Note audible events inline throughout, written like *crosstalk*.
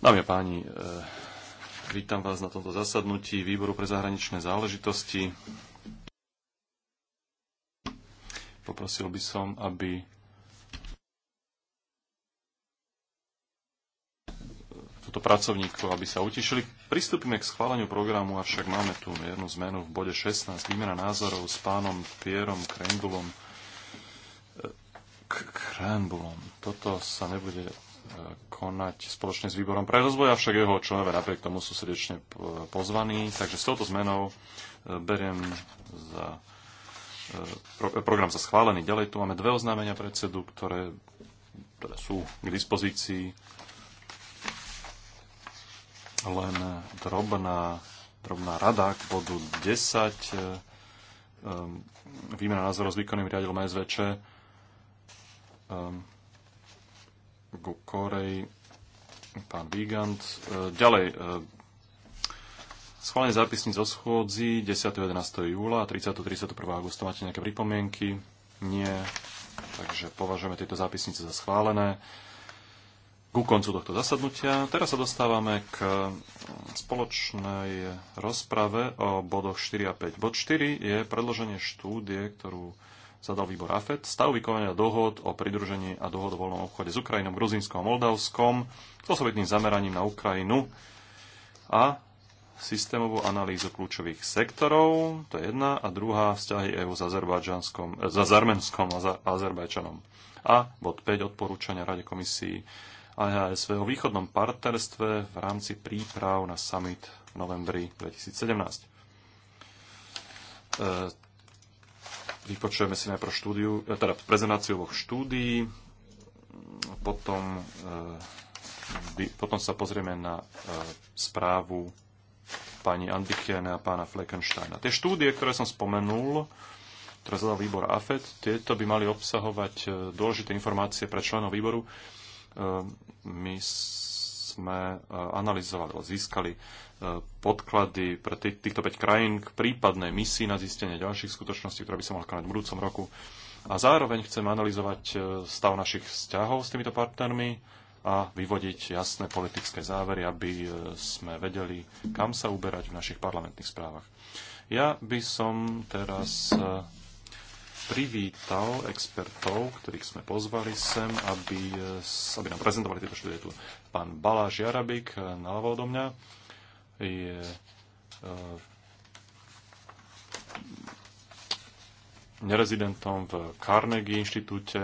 Dámy a páni, eh, vítam vás na tomto zasadnutí Výboru pre zahraničné záležitosti. Poprosil by som, aby túto pracovníkov, aby sa utišili. Pristúpime k schváleniu programu, avšak máme tu jednu zmenu v bode 16, výmena názorov s pánom Pierom Krendulom, Krenbulom. Toto sa nebude e, konať spoločne s výborom pre rozvoj, avšak jeho členovia napriek tomu sú srdečne pozvaní. Takže s touto zmenou e, beriem za e, pro, program za schválený. Ďalej tu máme dve oznámenia predsedu, ktoré, ktoré sú k dispozícii. Len drobná, drobná rada k bodu 10. Výmena názorov s výkonným riadilom SVČ Ehm, ku Koreji pán Vigant. Ehm, ďalej, ehm, schválenie zápisníc zo schôdzi 10. 11. júla 30. 31. augusta. Máte nejaké pripomienky? Nie. Takže považujeme tieto zápisnice za schválené. Ku koncu tohto zasadnutia teraz sa dostávame k spoločnej rozprave o bodoch 4 a 5. Bod 4 je predloženie štúdie, ktorú zadal výbor AFED, stav vykonania dohod o pridružení a dohod o voľnom obchode s Ukrajinou, Gruzínskom a Moldavskom s osobitným zameraním na Ukrajinu a systémovú analýzu kľúčových sektorov, to je jedna, a druhá vzťahy EÚ s, Azerbajdžanskom, eh, s Arménskom a Azerbajčanom. A bod 5 odporúčania Rade komisii AHSV o východnom partnerstve v rámci príprav na summit v novembri 2017. E, eh, Vypočujeme si najprv štúdiu, e, teda prezentáciu oboch štúdií, potom, e, potom sa pozrieme na e, správu pani Andikiene a pána Fleckensteina. Tie štúdie, ktoré som spomenul, ktoré zadal výbor AFED, tieto by mali obsahovať dôležité informácie pre členov výboru. My sme analyzovali, získali podklady pre týchto 5 krajín k prípadnej misii na zistenie ďalších skutočností, ktoré by sa mohla konať v budúcom roku. A zároveň chcem analyzovať e, stav našich vzťahov s týmito partnermi a vyvodiť jasné politické závery, aby e, sme vedeli, kam sa uberať v našich parlamentných správach. Ja by som teraz e, privítal expertov, ktorých sme pozvali sem, aby, aby nám prezentovali tieto štúdie tu. Pán Baláš Jarabik, naľavo odo mňa, je nerezidentom eh, v Carnegie inštitúte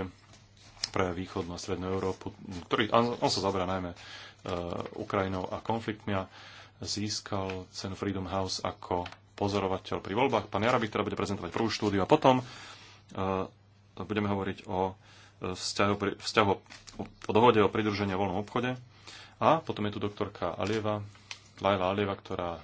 pre východnú a strednú Európu, ktorý, on sa zaberá najmä eh, Ukrajinou a konfliktmi a získal cenu Freedom House ako pozorovateľ pri voľbách. Pán Jarabik teda bude prezentovať prvú štúdiu a potom eh, budeme hovoriť o vzťahu, vzťahu o dohode o pridružení a voľnom obchode. A potom je tu doktorka Alieva, Laila Alieva, ktorá e,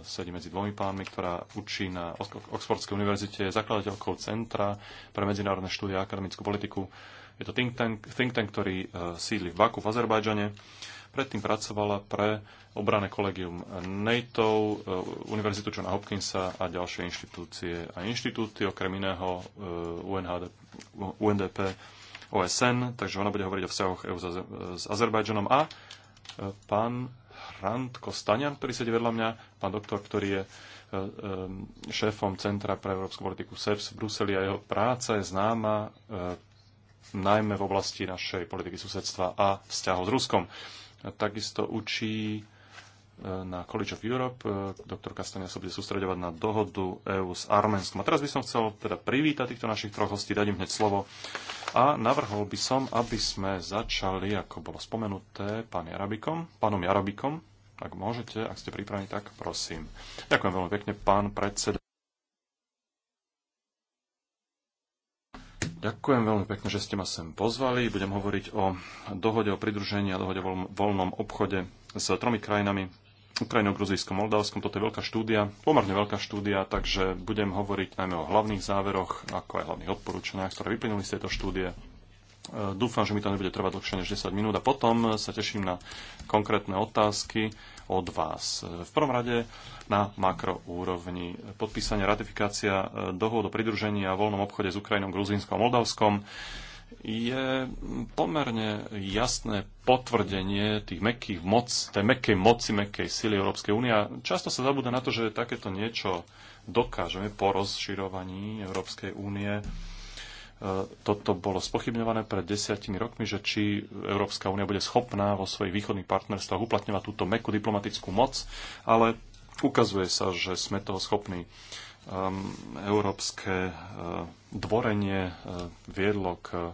sedí medzi dvomi pánmi, ktorá učí na Oxfordskej univerzite, je zakladateľkou Centra pre medzinárodné štúdie a akademickú politiku. Je to think tank, think tank ktorý e, sídli v Baku v Azerbajdžane. Predtým pracovala pre obrané kolegium NATO, e, Univerzitu Johna Hopkinsa a ďalšie inštitúcie a inštitúty, okrem iného UNHD, UNDP, OSN, takže ona bude hovoriť o vzťahoch EU s Azerbajdžanom a pán Randko Stanian, ktorý sedí vedľa mňa, pán doktor, ktorý je e, e, šéfom Centra pre európsku politiku SEPS v Bruseli a jeho práca je známa e, najmä v oblasti našej politiky susedstva a vzťahov s Ruskom. Takisto učí na College of Europe. Doktor Kastania sa bude sústredovať na dohodu EÚ s Arménskom. A teraz by som chcel teda privítať týchto našich troch hostí, dať im hneď slovo. A navrhol by som, aby sme začali, ako bolo spomenuté, pán Jarabikom, pánom Jarabikom, ak môžete, ak ste pripravení, tak prosím. Ďakujem veľmi pekne, pán predseda. Ďakujem veľmi pekne, že ste ma sem pozvali. Budem hovoriť o dohode o pridružení a dohode o voľnom obchode s tromi krajinami, Ukrajinou, Gruzijskom, Moldavskom. Toto je veľká štúdia, pomerne veľká štúdia, takže budem hovoriť najmä o hlavných záveroch, ako aj hlavných odporúčaniach, ktoré vyplynuli z tejto štúdie. E, dúfam, že mi to nebude trvať dlhšie než 10 minút a potom sa teším na konkrétne otázky od vás. E, v prvom rade na makroúrovni. Podpísanie, ratifikácia e, dohod o pridružení a voľnom obchode s Ukrajinou, Gruzínskom a Moldavskom je pomerne jasné potvrdenie tých mekých moc, tej mekej moci, mekej sily Európskej únie. Často sa zabúda na to, že takéto niečo dokážeme po rozširovaní Európskej únie toto bolo spochybňované pred desiatimi rokmi, že či Európska únia bude schopná vo svojich východných partnerstvách uplatňovať túto mekú diplomatickú moc, ale ukazuje sa, že sme toho schopní. Ehm, európske ehm, dvorenie ehm, viedlo k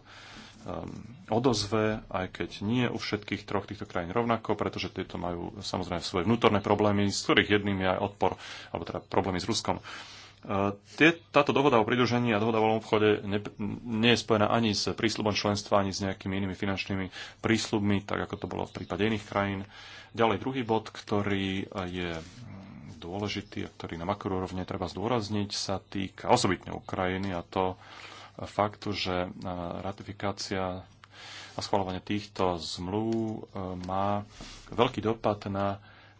odozve, aj keď nie u všetkých troch týchto krajín rovnako, pretože tieto majú samozrejme svoje vnútorné problémy, z ktorých jedným je aj odpor, alebo teda problémy s Ruskom. Tie, táto dohoda o pridružení a dohoda o voľnom obchode ne, nie je spojená ani s prísľubom členstva, ani s nejakými inými finančnými prísľubmi, tak ako to bolo v prípade iných krajín. Ďalej druhý bod, ktorý je dôležitý a ktorý na makroúrovne treba zdôrazniť, sa týka osobitne Ukrajiny a to faktu, že e, ratifikácia a schvalovanie týchto zmluv e, má veľký dopad na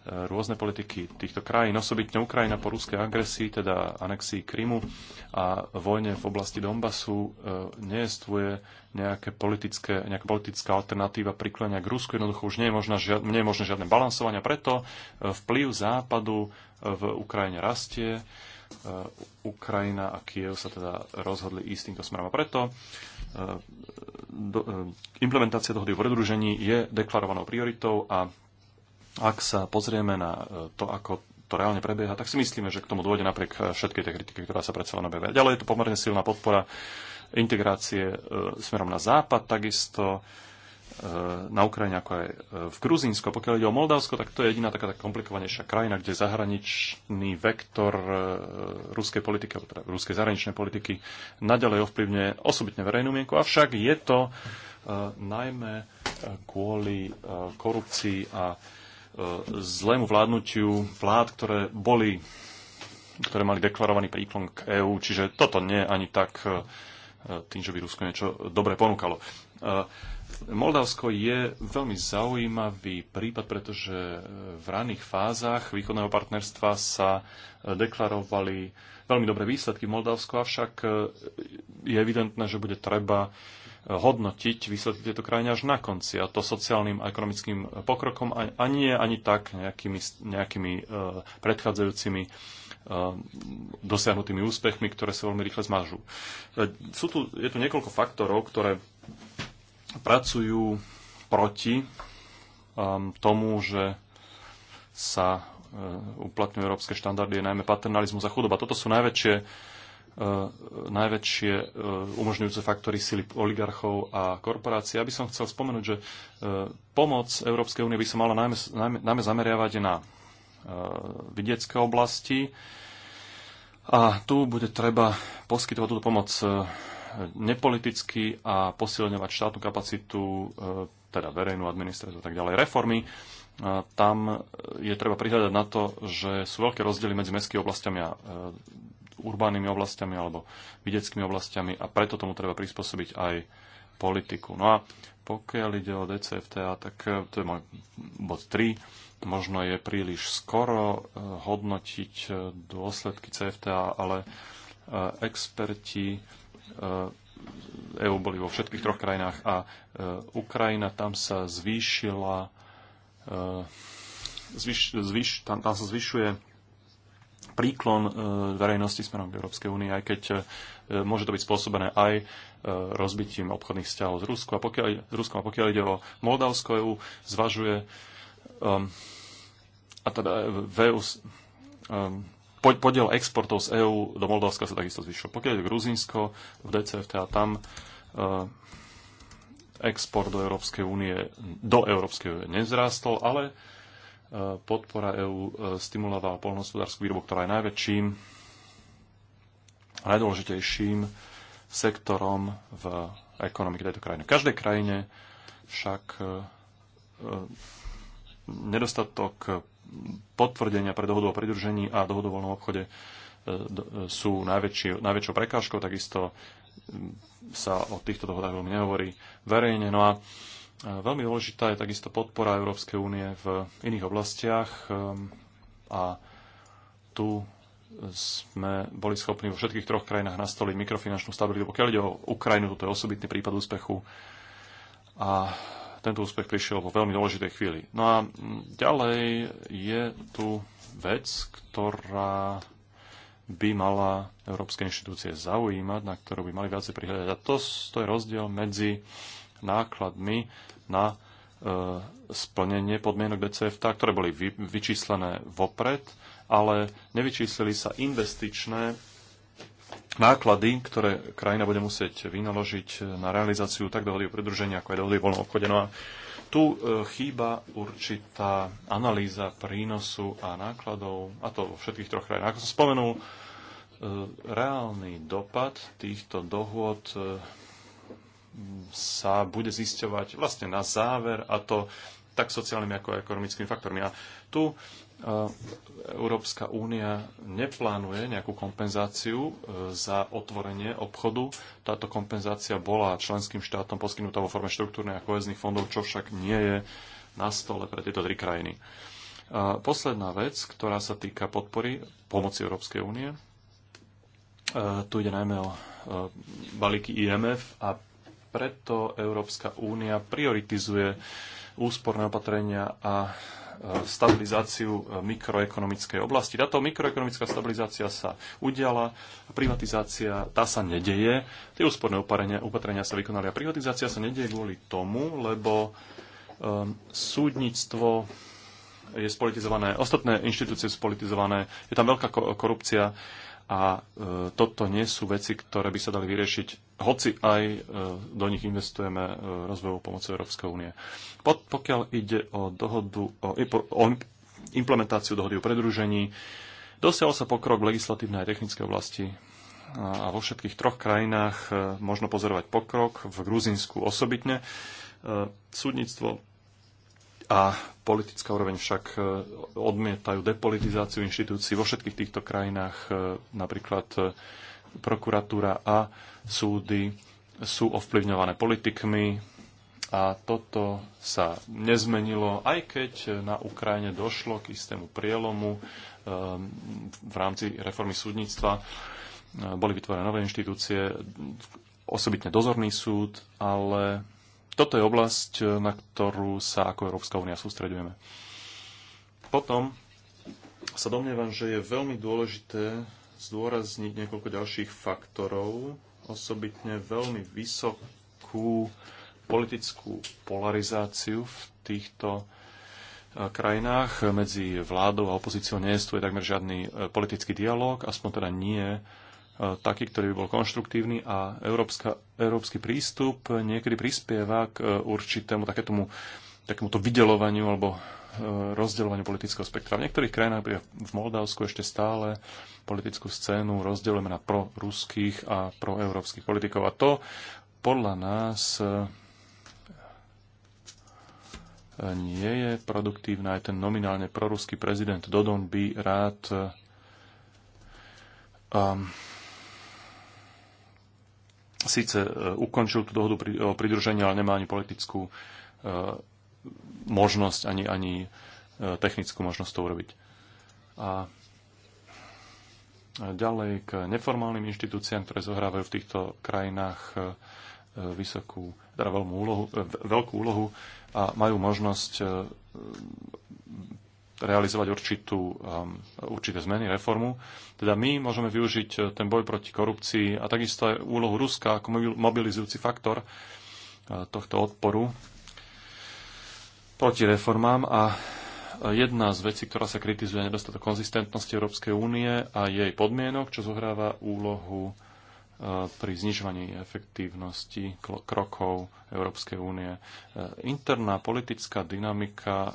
rôzne politiky týchto krajín, osobitne Ukrajina po ruskej agresii, teda anexii Krymu a vojne v oblasti Donbasu, e, nejestvuje nejaké politické, nejaká politická alternatíva priklenia k Rusku. Jednoducho už nie je, možná, nie je možné žiadne balansovanie. Preto e, vplyv Západu e, v Ukrajine rastie. Ukrajina a Kiev sa teda rozhodli ísť týmto smerom. A preto implementácia dohody o predružení je deklarovanou prioritou a ak sa pozrieme na e, to, ako to reálne prebieha, tak si myslíme, že k tomu dôjde napriek e, všetkej tej kritike, ktorá sa predsa len objavia. Ďalej je to pomerne silná podpora integrácie e, smerom na západ, takisto na Ukrajine, ako aj v Gruzínsko. Pokiaľ ide o Moldavsko, tak to je jediná taká tak komplikovanejšia krajina, kde zahraničný vektor ruskej politiky, alebo teda ruskej zahraničnej politiky, naďalej ovplyvňuje osobitne verejnú mienku. Avšak je to najmä kvôli korupcii a E, zlému vládnutiu vlád, ktoré boli ktoré mali deklarovaný príklon k EÚ, čiže toto nie je ani tak e, tým, že by Rusko niečo dobre ponúkalo. E, Moldavsko je veľmi zaujímavý prípad, pretože v raných fázach východného partnerstva sa deklarovali veľmi dobré výsledky v Moldavsku, avšak je evidentné, že bude treba hodnotiť výsledky tejto krajiny až na konci a to sociálnym a ekonomickým pokrokom a nie ani tak nejakými, nejakými e, predchádzajúcimi e, dosiahnutými úspechmi, ktoré sa veľmi rýchle zmažú. E, sú tu, je tu niekoľko faktorov, ktoré pracujú proti tomu, že sa uplatňujú európske štandardy, najmä paternalizmus a chudoba. Toto sú najväčšie E, najväčšie e, umožňujúce faktory sily oligarchov a korporácií. Ja by som chcel spomenúť, že e, pomoc Európskej únie by sa mala najmä, najmä, najmä zameriavať na vidiecké oblasti a tu bude treba poskytovať túto pomoc nepoliticky a posilňovať štátnu kapacitu, teda verejnú administratívu a tak ďalej, reformy tam je treba prihľadať na to, že sú veľké rozdiely medzi mestskými oblastiami a urbánnymi oblastiami alebo videckými oblastiami a preto tomu treba prispôsobiť aj politiku. No a pokiaľ ide o DCFTA, tak e, to je môj bod 3. Možno je príliš skoro e, hodnotiť e, dôsledky CFTA, ale experti EU boli vo všetkých troch krajinách a Ukrajina tam sa zvýšila zvýš, zvýš, tam, tam sa zvyšuje príklon e, verejnosti smerom k Európskej únii, aj keď e, môže to byť spôsobené aj e, rozbitím obchodných vzťahov s Ruskom. A pokiaľ, Ruskom, a pokiaľ ide o Moldavsko, EU zvažuje um, a teda VEU um, podiel exportov z EÚ do Moldavska sa takisto zvyšil. Pokiaľ je Gruzinsko v a tam uh, export do Európskej únie do Európskej únie nezrástol, ale podpora EÚ e, stimulovala polnohospodárskú výrobu, ktorá je najväčším, a najdôležitejším sektorom v ekonomike tejto krajiny. V každej krajine však e, e, nedostatok potvrdenia pre dohodu o pridružení a dohodu o voľnom obchode sú najväčšou prekážkou, takisto sa o týchto dohodách veľmi nehovorí verejne. No a Veľmi dôležitá je takisto podpora Európskej únie v iných oblastiach ehm, a tu sme boli schopní vo všetkých troch krajinách nastoliť mikrofinančnú stabilitu. Pokiaľ ide o Ukrajinu, toto je osobitný prípad úspechu a tento úspech prišiel vo veľmi dôležitej chvíli. No a ďalej je tu vec, ktorá by mala európske inštitúcie zaujímať, na ktorú by mali viacej prihľadať. A to, to je rozdiel medzi nákladmi na e, splnenie podmienok DCFTA, ktoré boli vyčíslené vopred, ale nevyčíslili sa investičné náklady, ktoré krajina bude musieť vynaložiť na realizáciu tak dohody o pridruženia, ako aj dohody o voľnom obchode. No a tu e, chýba určitá analýza prínosu a nákladov, a to vo všetkých troch krajinách. Ako som spomenul, e, reálny dopad týchto dohôd sa bude zisťovať vlastne na záver a to tak sociálnymi ako ekonomickými faktormi. A tu e, Európska únia neplánuje nejakú kompenzáciu e, za otvorenie obchodu. Táto kompenzácia bola členským štátom poskytnutá vo forme štruktúrnych a kohezných fondov, čo však nie je na stole pre tieto tri krajiny. E, posledná vec, ktorá sa týka podpory pomoci Európskej únie. Tu ide najmä o balíky IMF a preto Európska únia prioritizuje úsporné opatrenia a e, stabilizáciu e, mikroekonomickej oblasti. Táto mikroekonomická stabilizácia sa udiala, privatizácia tá sa nedeje, tie úsporné opatrenia, opatrenia sa vykonali a privatizácia sa nedeje kvôli tomu, lebo um, súdnictvo je spolitizované, ostatné inštitúcie sú spolitizované, je tam veľká korupcia a e, toto nie sú veci, ktoré by sa dali vyriešiť hoci aj e, do nich investujeme e, rozvojovou pomocou Európskej únie. pokiaľ ide o dohodu o, o implementáciu dohody o predružení, dosiahol sa pokrok v legislatívnej a technickej oblasti a vo všetkých troch krajinách e, možno pozorovať pokrok, v Gruzínsku osobitne. Súdnictvo a politická úroveň však odmietajú depolitizáciu inštitúcií vo všetkých týchto krajinách, napríklad prokuratúra a súdy sú ovplyvňované politikmi a toto sa nezmenilo, aj keď na Ukrajine došlo k istému prielomu eh, v rámci reformy súdnictva. Eh, boli vytvorené nové inštitúcie, osobitne dozorný súd, ale toto je oblasť, eh, na ktorú sa ako Európska únia sústredujeme. Potom sa domnievam, že je veľmi dôležité zdôrazniť niekoľko ďalších faktorov, osobitne veľmi vysokú politickú polarizáciu v týchto eh, krajinách. Medzi vládou a opozíciou nie je takmer žiadny eh, politický dialog, aspoň teda nie eh, taký, ktorý by bol konštruktívny a európska, európsky prístup niekedy prispieva k určitému takému, takémuto vydelovaniu alebo Eh, rozdeľovaniu politického spektra. V niektorých krajinách, v Moldavsku ešte stále politickú scénu rozdeľujeme na proruských a proeurópskych politikov. A to podľa nás eh, nie je produktívne. Aj ten nominálne proruský prezident Dodon by rád um, síce ukončil tú dohodu pri, o pridružení, ale nemá ani politickú uh, možnosť, ani, ani e, technickú možnosť to urobiť. A ďalej k neformálnym inštitúciám, ktoré zohrávajú v týchto krajinách e, vysokú, teda veľmi úlohu, e, veľkú úlohu a majú možnosť realizovať určitú, určité zmeny, reformu. Teda my môžeme využiť ten boj proti korupcii a takisto aj úlohu Ruska ako mobilizujúci faktor tohto odporu proti reformám a jedna z vecí, ktorá sa kritizuje, nedostatok konzistentnosti Európskej únie a jej podmienok, čo zohráva úlohu e, pri znižovaní efektívnosti krokov Európskej únie. E, interná politická dynamika e,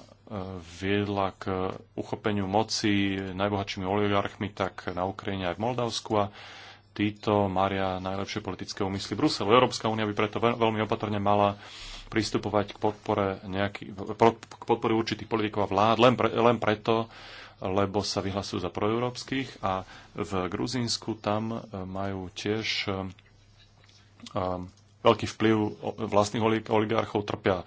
viedla k uchopeniu moci najbohatšími oligarchmi tak na Ukrajine aj v Moldavsku a títo maria najlepšie politické úmysly Bruselu. Európska únia by preto veľmi opatrne mala pristupovať k podpore, nejaký, k podpore určitých politikov a vlád len, pre, len preto, lebo sa vyhlasujú za proeurópskych a v Gruzínsku tam e, majú tiež um, veľký vplyv vlastných oligarchov, trpia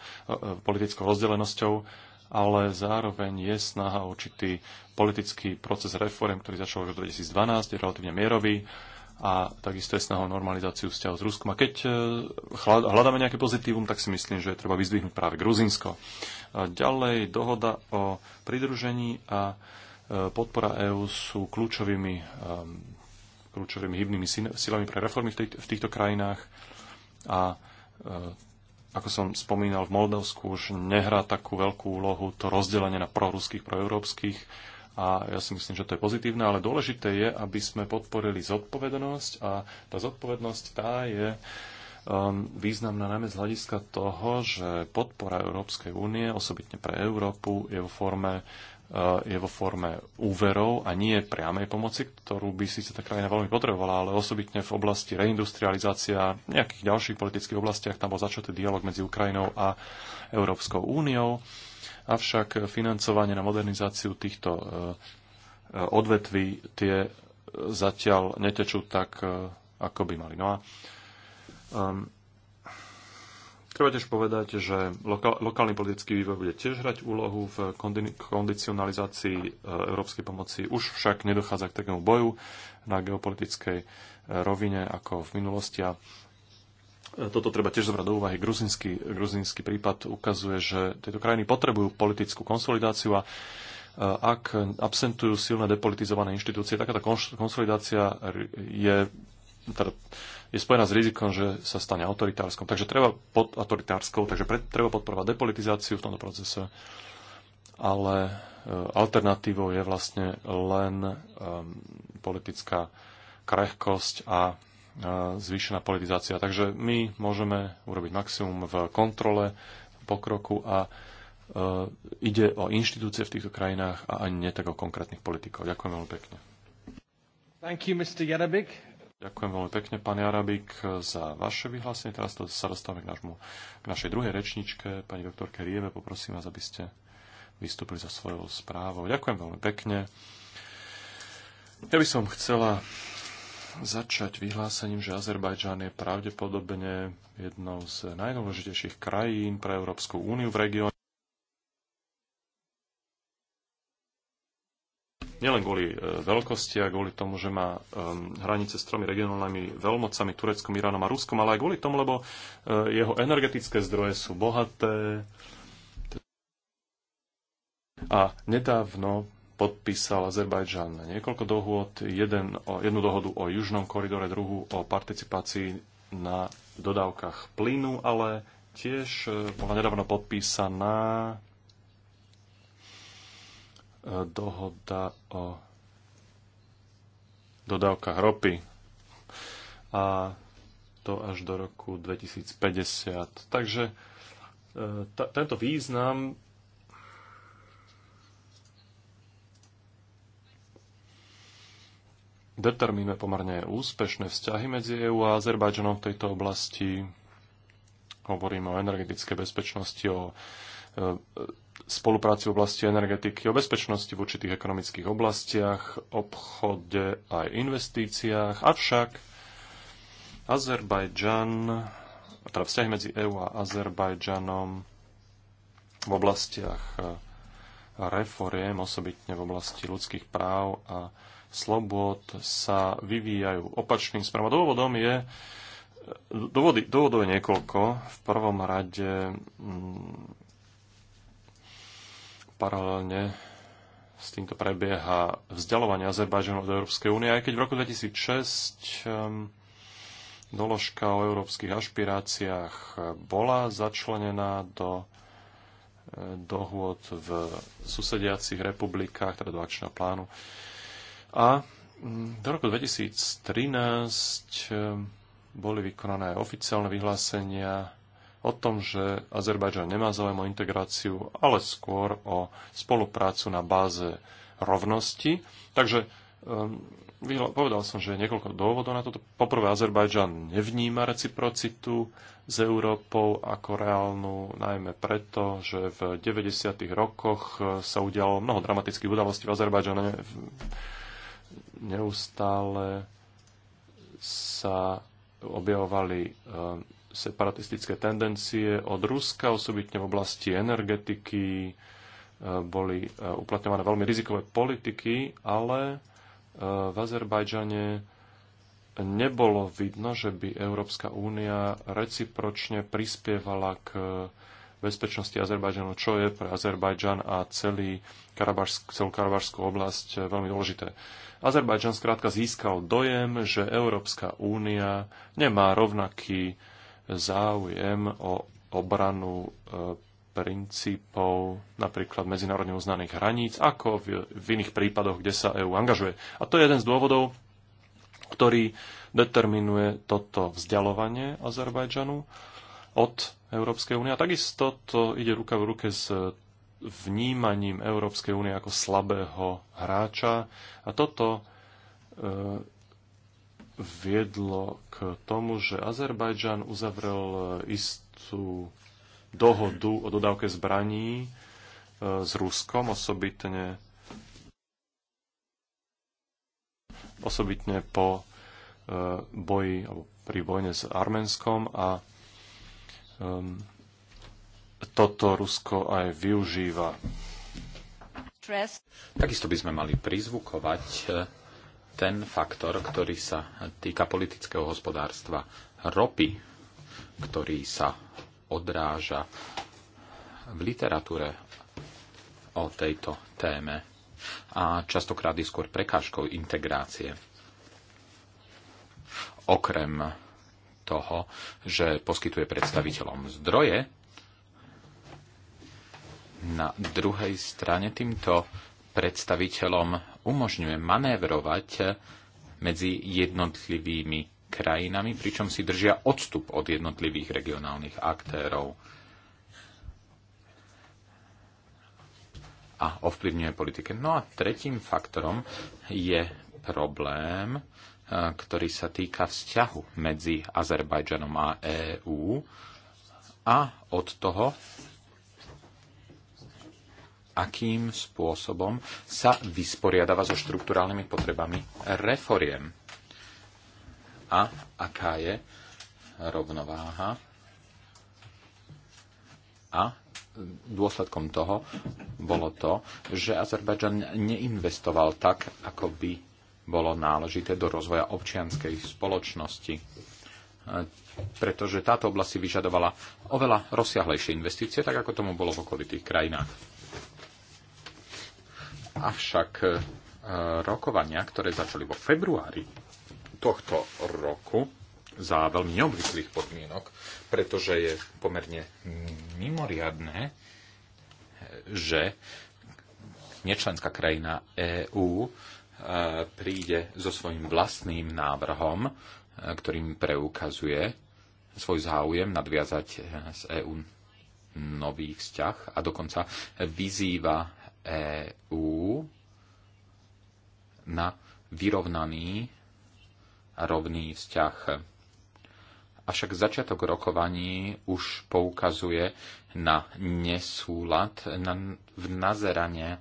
politickou rozdelenosťou, ale zároveň je snaha určitý politický proces reform, ktorý začal v 2012, je relatívne mierový a takisto je snahou normalizáciu vzťahov s Ruskom. A keď e, hľadáme nejaké pozitívum, tak si myslím, že je treba vyzdvihnúť práve Gruzinsko. Ďalej dohoda o pridružení a e, podpora EÚ sú kľúčovými, ehm, kľúčovými hybnými silami pre reformy v, v týchto krajinách a e, ako som spomínal, v Moldavsku už nehrá takú veľkú úlohu to rozdelenie na proruských, proeurópskych a ja si myslím, že to je pozitívne, ale dôležité je, aby sme podporili zodpovednosť a tá zodpovednosť tá je um, významná najmä z hľadiska toho, že podpora Európskej únie, osobitne pre Európu, je vo forme uh, je vo forme úverov a nie priamej pomoci, ktorú by síce tá krajina veľmi potrebovala, ale osobitne v oblasti reindustrializácia, a nejakých ďalších politických oblastiach tam bol začatý dialog medzi Ukrajinou a Európskou úniou. Avšak financovanie na modernizáciu týchto e, e, odvetví tie zatiaľ netečú tak, e, ako by mali. No a um, treba tiež povedať, že lokál, lokálny politický vývoj bude tiež hrať úlohu v kondicionalizácii európskej pomoci. Už však nedochádza k takému boju na geopolitickej rovine ako v minulosti a toto treba tiež zobrať do úvahy. Gruzinský, gruzinský prípad ukazuje, že tieto krajiny potrebujú politickú konsolidáciu a ak absentujú silné depolitizované inštitúcie, takáto konsolidácia je, teda, je spojená s rizikom, že sa stane autoritárskou. Takže treba pod autoritárskou, takže pre, treba podporovať depolitizáciu v tomto procese, ale e, alternatívou je vlastne len um, politická krehkosť a zvýšená politizácia. Takže my môžeme urobiť maximum v kontrole pokroku a e, ide o inštitúcie v týchto krajinách a ani nie tak o konkrétnych politikov. Ďakujem veľmi pekne. Thank you, Mr. Jarabik. Ďakujem veľmi pekne, pán Jarabik, za vaše vyhlásenie. Teraz to sa dostávame k, nášmu, k našej druhej rečničke, pani doktorke Rieve. Poprosím vás, aby ste vystúpili za svojou správou. Ďakujem veľmi pekne. Ja by som chcela začať vyhlásením, že Azerbajdžan je pravdepodobne jednou z najdôležitejších krajín pre Európsku úniu v regióne. Nielen kvôli e, veľkosti a kvôli tomu, že má hranice s tromi regionálnymi veľmocami, Tureckom, Iránom a Ruskom, ale aj kvôli tomu, lebo e, jeho energetické zdroje sú bohaté. A nedávno podpísal Azerbajdžan niekoľko dohôd. Jeden, jednu dohodu o južnom koridore, druhú o participácii na dodávkach plynu, ale tiež e, bola nedávno podpísaná e, dohoda o dodávkach ropy. A to až do roku 2050. Takže e, tento význam determinuje pomerne úspešné vzťahy medzi EÚ a Azerbajdžanom v tejto oblasti. Hovoríme o energetickej bezpečnosti, o e, spolupráci v oblasti energetiky, o bezpečnosti v určitých ekonomických oblastiach, obchode aj investíciách. Avšak Azerbajdžan, teda vzťahy medzi EÚ a Azerbajdžanom v oblastiach e, reforiem, osobitne v oblasti ľudských práv a slobôd sa vyvíjajú opačným smerom. A dôvodom je, dôvody, dôvodov je niekoľko. V prvom rade m, mm, paralelne s týmto prebieha vzdialovanie Azerbajžanu od Európskej únie, aj keď v roku 2006 m, mm, doložka o európskych ašpiráciách bola začlenená do e, dohôd v susediacich republikách, teda do akčného plánu. A mm, do roku 2013 ehm, boli vykonané oficiálne vyhlásenia o tom, že Azerbajdžan nemá záujem o integráciu, ale skôr o spoluprácu na báze rovnosti. Takže ehm, povedal som, že je niekoľko dôvodov na toto. Poprvé, Azerbajdžan nevníma reciprocitu s Európou ako reálnu, najmä preto, že v 90. rokoch ehm, sa udialo mnoho dramatických udalostí v Azerbajdžane neustále sa objavovali eh, separatistické tendencie od Ruska, osobitne v oblasti energetiky, eh, boli eh, uplatňované veľmi rizikové politiky, ale v Azerbajdžane nebolo vidno, že by Európska únia recipročne prispievala k bezpečnosti Azerbajdžanu, čo je pre Azerbajdžan a celý Karabašsk, celú Karabašskú oblasť eh, veľmi dôležité. Azerbajdžan skrátka získal dojem, že Európska únia nemá rovnaký záujem o obranu eh, princípov napríklad medzinárodne uznaných hraníc, ako v, v iných prípadoch, kde sa EÚ angažuje. A to je jeden z dôvodov, ktorý determinuje toto vzdialovanie Azerbajdžanu od Európskej únie. A takisto to ide ruka v ruke s vnímaním Európskej únie ako slabého hráča. A toto e, viedlo k tomu, že Azerbajdžan uzavrel e, istú dohodu o dodávke zbraní e, s Ruskom, osobitne, osobitne po e, boji alebo pri vojne s Arménskom a um, toto Rusko aj využíva. Takisto by sme mali prizvukovať e, ten faktor, ktorý sa týka politického hospodárstva ropy, ktorý sa odráža v literatúre o tejto téme a častokrát je skôr prekážkou integrácie. Okrem toho, že poskytuje predstaviteľom zdroje. Na druhej strane týmto predstaviteľom umožňuje manévrovať medzi jednotlivými krajinami, pričom si držia odstup od jednotlivých regionálnych aktérov. a ovplyvňuje politike. No a tretím faktorom je problém ktorý sa týka vzťahu medzi Azerbajdžanom a EÚ a od toho, akým spôsobom sa vysporiadava so štruktúrálnymi potrebami reforiem a aká je rovnováha a dôsledkom toho bolo to, že Azerbajdžan neinvestoval tak, ako by bolo náležité do rozvoja občianskej spoločnosti e, pretože táto oblasť si vyžadovala oveľa rozsiahlejšie investície, tak ako tomu bolo v okolitých krajinách. Avšak e, rokovania, ktoré začali vo februári tohto roku, za veľmi neobvyklých podmienok, pretože je pomerne mimoriadné, e, že nečlenská krajina EÚ príde so svojím vlastným návrhom, e, ktorým preukazuje svoj záujem nadviazať z e, EÚ nový vzťah a dokonca vyzýva EÚ na vyrovnaný a rovný vzťah. Avšak začiatok rokovaní už poukazuje na nesúlad, na, v nazeranie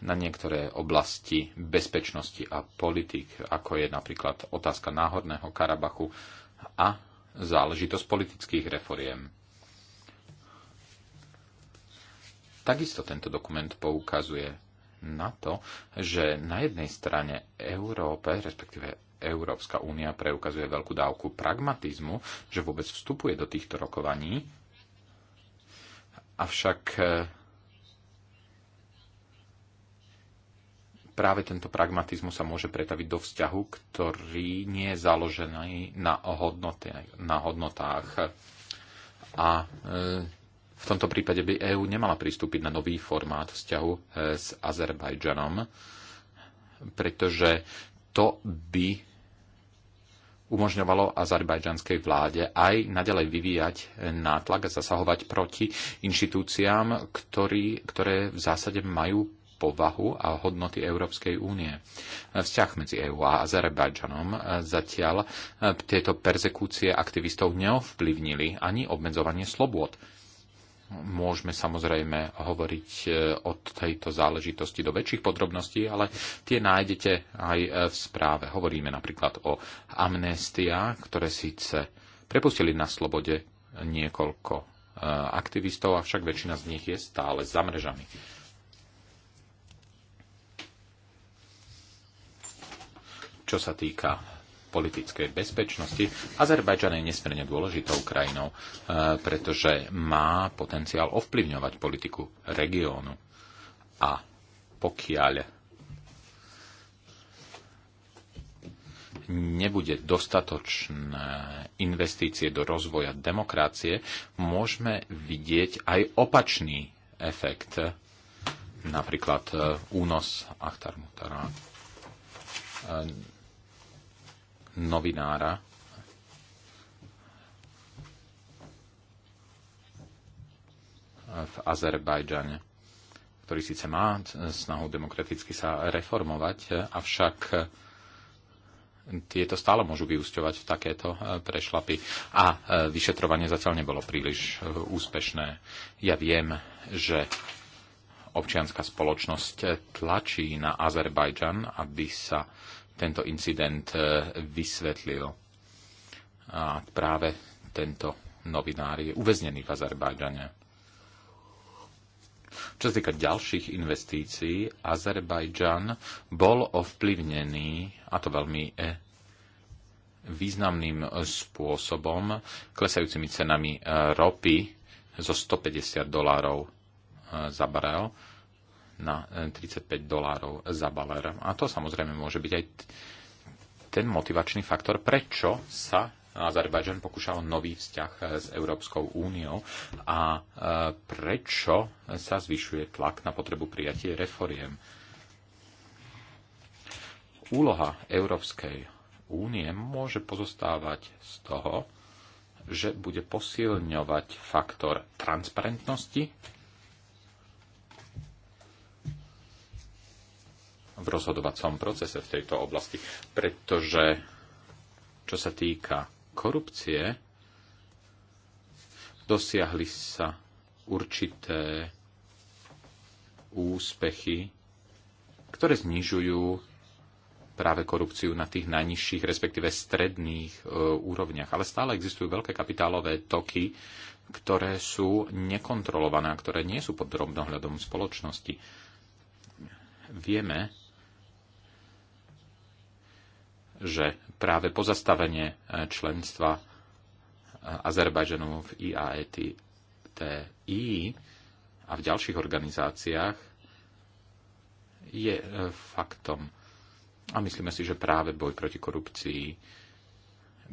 na niektoré oblasti bezpečnosti a politik, ako je napríklad otázka Náhorného Karabachu a záležitosť politických reforiem. Takisto tento dokument poukazuje na to, že na jednej strane Európe, respektíve Európska únia preukazuje veľkú dávku pragmatizmu, že vôbec vstupuje do týchto rokovaní, avšak eh, práve tento pragmatizmus sa môže pretaviť do vzťahu, ktorý nie je založený na, hodnote, na hodnotách. A e, v tomto prípade by EÚ nemala pristúpiť na nový formát vzťahu e, s Azerbajdžanom, pretože to by umožňovalo azerbajdžanskej vláde aj nadalej vyvíjať e, nátlak a zasahovať proti inštitúciám, ktorý, ktoré v zásade majú povahu a hodnoty Európskej únie. Vzťah medzi EÚ a Azerbajdžanom zatiaľ e, tieto persekúcie aktivistov neovplyvnili ani obmedzovanie slobôd môžeme samozrejme hovoriť e, o tejto záležitosti do väčších podrobností, ale tie nájdete aj e, v správe. Hovoríme napríklad o amnestiách, ktoré síce prepustili na slobode niekoľko aktivistov, avšak väčšina z nich je stále za mrežami. čo sa týka politickej bezpečnosti, Azerbajdžan je nesmierne dôležitou krajinou, e, pretože má potenciál ovplyvňovať politiku regiónu. A pokiaľ nebude dostatočné investície do rozvoja demokracie, môžeme vidieť aj opačný efekt, napríklad e, únos Achtar Mutara e, novinára. v Azerbajdžane, ktorý síce má snahu demokraticky sa reformovať, avšak tieto stále môžu vyústovať v takéto e, prešlapy. A e, vyšetrovanie zatiaľ nebolo príliš e, úspešné. Ja viem, že občianská spoločnosť tlačí na Azerbajdžan, aby sa tento incident e, vysvetlil. A práve tento novinár je uväznený v Azerbajdžane. Čo sa týka ďalších investícií, Azerbajdžan bol ovplyvnený, a to veľmi e, významným spôsobom, klesajúcimi cenami e, ropy zo 150 dolárov za barel na 35 e, dolárov za baler. A to samozrejme môže byť aj ten motivačný faktor, prečo sa Azerbajdžan pokúšal nový vzťah e, s Európskou úniou a e, prečo sa zvyšuje tlak na potrebu prijatie reforiem. Úloha Európskej únie môže pozostávať z toho, že bude posilňovať faktor transparentnosti v rozhodovacom procese v tejto oblasti, pretože čo sa týka korupcie, dosiahli sa určité úspechy, ktoré znižujú práve korupciu na tých najnižších, respektíve stredných e, úrovniach. Ale stále existujú veľké kapitálové toky, ktoré sú nekontrolované a ktoré nie sú pod drobnohľadom spoločnosti. Vieme, že práve pozastavenie e, členstva e, Azerbajdžanu v IAETI e a v ďalších organizáciách je faktom. A myslíme si, že práve boj proti korupcii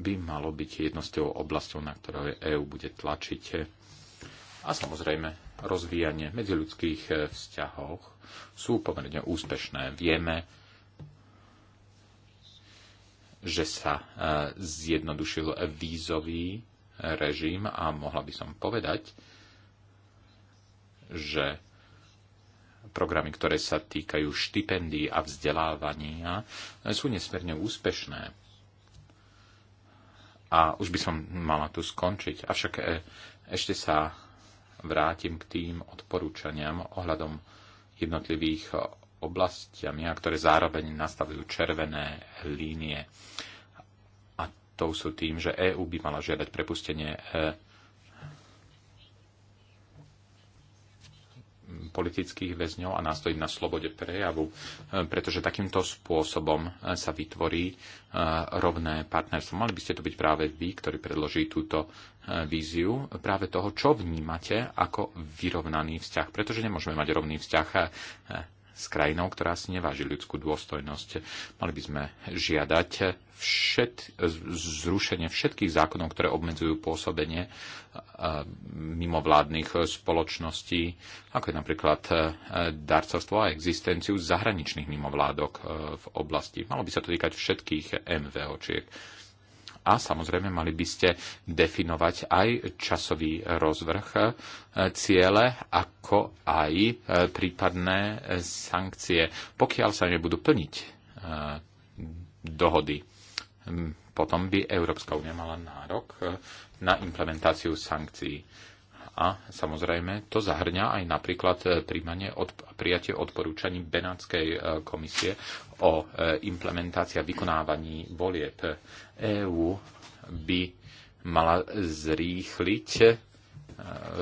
by malo byť jednosťou oblasťou, na ktorú EÚ bude tlačiť. A samozrejme, rozvíjanie medziľudských vzťahov sú pomerne úspešné. Vieme, že sa e, zjednodušil vízový režim a mohla by som povedať, že programy, ktoré sa týkajú štipendií a vzdelávania, sú nesmierne úspešné. A už by som mala tu skončiť. Avšak e, ešte sa vrátim k tým odporúčaniam ohľadom jednotlivých oblastiami a ktoré zároveň nastavujú červené línie. A to sú tým, že EÚ by mala žiadať prepustenie e, politických väzňov a nástojí na slobode prejavu, e, pretože takýmto spôsobom e, sa vytvorí rovné partnerstvo. Mali by ste to byť práve vy, ktorí predloží túto víziu práve toho, čo vnímate ako vyrovnaný vzťah, pretože nemôžeme mať rovný vzťah s krajinou, ktorá si neváži ľudskú dôstojnosť. Mali by sme žiadať všet, zrušenie všetkých zákonov, ktoré obmedzujú pôsobenie e, mimovládnych spoločností, ako je napríklad e, darcovstvo a existenciu zahraničných mimovládok e, v oblasti. Malo by sa to týkať všetkých MVOčiek a samozrejme mali by ste definovať aj časový rozvrh e, ciele, ako aj e, prípadné sankcie, pokiaľ sa nebudú plniť e, dohody. Hm, potom by Európska únia mala nárok na implementáciu sankcií a samozrejme, to zahrňa aj napríklad e, príjmanie od, prijatie odporúčaní Benátskej e, komisie o e, implementácii a vykonávaní volieb. EÚ by mala zrýchliť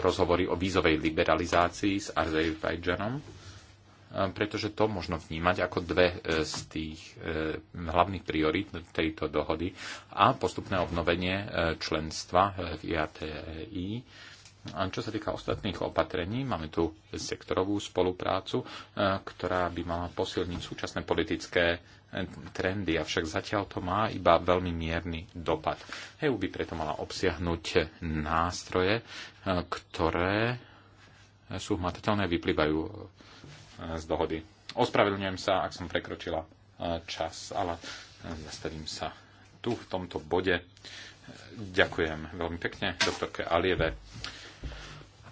rozhovory o vízovej liberalizácii s Azerbajdžanom, pretože to možno vnímať ako dve z tých hlavných priorít tejto dohody a postupné obnovenie členstva v IATI a čo sa týka ostatných opatrení, máme tu sektorovú spoluprácu, e, ktorá by mala posilniť súčasné politické e, trendy, avšak zatiaľ to má iba veľmi mierny dopad. EU by preto mala obsiahnuť nástroje, e, ktoré sú hmatateľné, vyplývajú z dohody. Ospravedlňujem sa, ak som prekročila čas, ale zastavím sa tu v tomto bode. Ďakujem veľmi pekne doktorke Alieve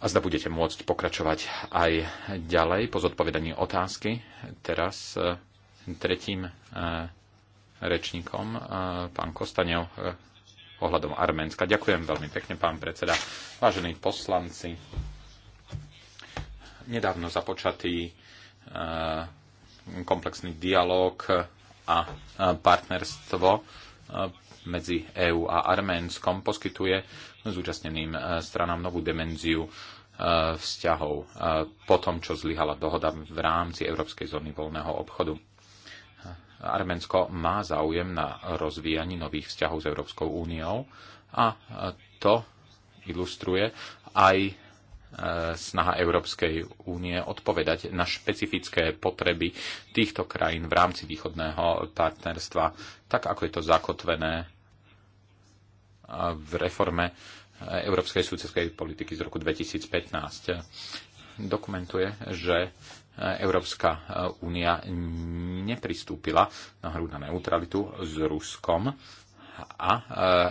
a zda budete môcť pokračovať aj ďalej po zodpovedaní otázky. Teraz eh, tretím eh, rečníkom, eh, pán Kostaňov, ohľadom Arménska. Ďakujem veľmi pekne, pán predseda. Vážení poslanci, nedávno započatý komplexný dialog a partnerstvo medzi EÚ a Arménskom poskytuje zúčastneným e, stranám novú dimenziu e, vzťahov e, po tom, čo zlyhala dohoda v rámci Európskej zóny voľného obchodu. Arménsko má záujem na rozvíjaní nových vzťahov s Európskou úniou a to ilustruje aj snaha Európskej únie odpovedať na špecifické potreby týchto krajín v rámci východného partnerstva, tak ako je to zakotvené v reforme e, Európskej susedskej politiky z roku 2015. Dokumentuje, že e, Európska e, únia nepristúpila na hru na neutralitu s Ruskom a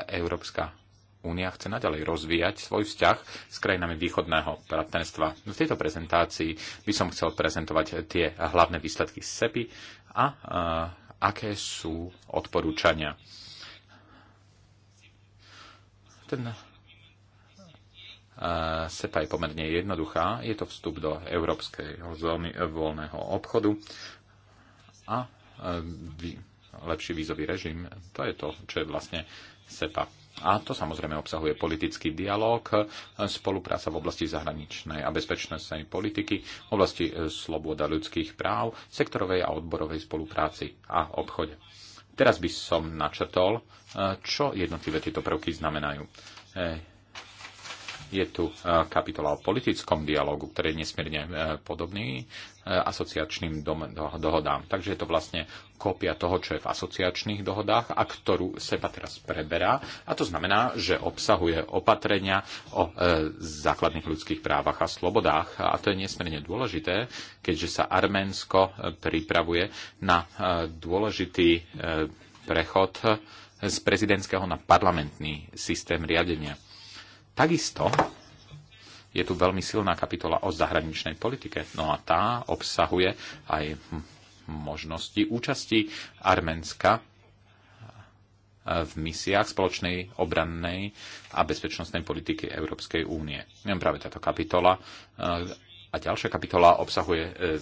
Európska Únia chce naďalej rozvíjať svoj vzťah s krajinami východného partnerstva. V tejto prezentácii by som chcel prezentovať tie hlavné výsledky z SEPI a uh, aké sú odporúčania. Ten uh, eh, SEPA je pomerne jednoduchá. Je to vstup do Európskej zóny voľného obchodu a uh, eh, vy, lepší vízový režim. To je to, čo je vlastne SEPA a to samozrejme obsahuje politický dialog, spolupráca v oblasti zahraničnej a bezpečnostnej politiky, v oblasti e, sloboda ľudských práv, sektorovej a odborovej spolupráci a obchode. Teraz by som načrtol, e, čo jednotlivé tieto prvky znamenajú e, je tu e, kapitola o politickom dialogu, ktorý je nesmierne e, podobný e, asociačným dohodám. Takže je to vlastne kópia toho, čo je v asociačných dohodách a ktorú SEPA teraz preberá. A to znamená, že obsahuje opatrenia o základných ľudských právach a slobodách. A to je nesmierne dôležité, keďže sa Arménsko pripravuje na dôležitý prechod z prezidentského na parlamentný systém riadenia. Takisto je tu veľmi silná kapitola o zahraničnej politike, no a tá obsahuje aj možnosti účasti Arménska v misiách spoločnej obrannej a bezpečnostnej politiky Európskej únie. Práve táto kapitola eh, a ďalšia kapitola obsahuje eh,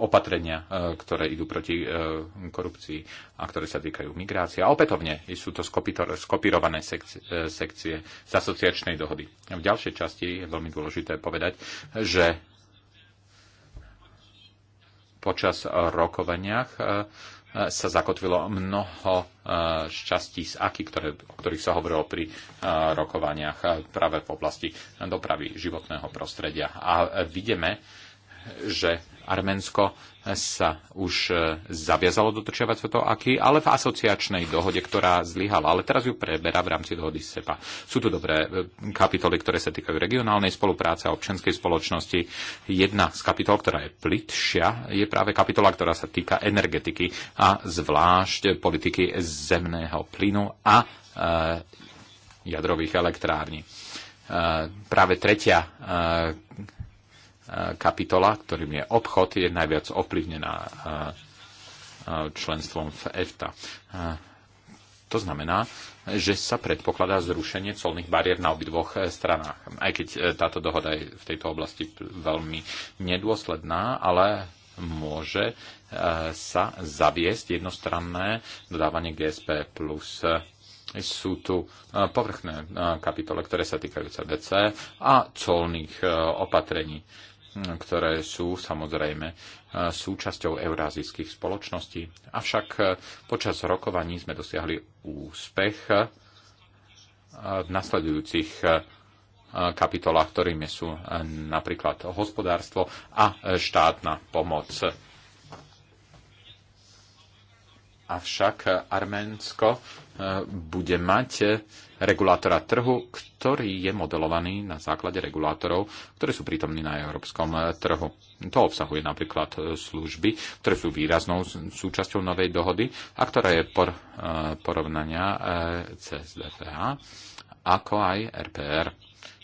opatrenia, e, ktoré idú proti e, korupcii a ktoré sa týkajú migrácie. A opätovne sú to skopírované e, sekcie z asociačnej dohody. V ďalšej časti je veľmi dôležité povedať, že počas rokovaniach sa zakotvilo mnoho šťastí z AKI, ktoré, o ktorých sa hovorilo pri rokovaniach práve v oblasti dopravy životného prostredia. A vidíme, že Arménsko sa už e, zaviazalo dotrčiavať toto aký, ale v asociačnej dohode, ktorá zlyhala. Ale teraz ju preberá v rámci dohody SEPA. Sú tu dobré e, kapitoly, ktoré sa týkajú regionálnej spolupráce a občianskej spoločnosti. Jedna z kapitol, ktorá je plitšia, je práve kapitola, ktorá sa týka energetiky a zvlášť politiky zemného plynu a e, jadrových elektrární e, práve tretia kapitola, ktorým je obchod, je najviac ovplyvnená členstvom v EFTA. To znamená, že sa predpokladá zrušenie colných bariér na obidvoch e, stranách. Aj keď e, táto dohoda je v tejto oblasti veľmi nedôsledná, ale môže e, sa zaviesť jednostranné dodávanie GSP plus sú tu povrchné kapitole, ktoré sa týkajú CDC a colných opatrení ktoré sú samozrejme e, súčasťou eurázijských spoločností. Avšak e, počas rokovaní sme dosiahli úspech e, v nasledujúcich kapitolách, ktorými sú napríklad hospodárstvo a štátna pomoc. Avšak Arménsko bude mať eh, regulátora trhu, ktorý je modelovaný na základe regulátorov, ktorí sú prítomní na európskom eh, trhu. To obsahuje napríklad eh, služby, ktoré sú výraznou súčasťou novej dohody a ktorá je por, porovnania CSDFA ako aj RPR.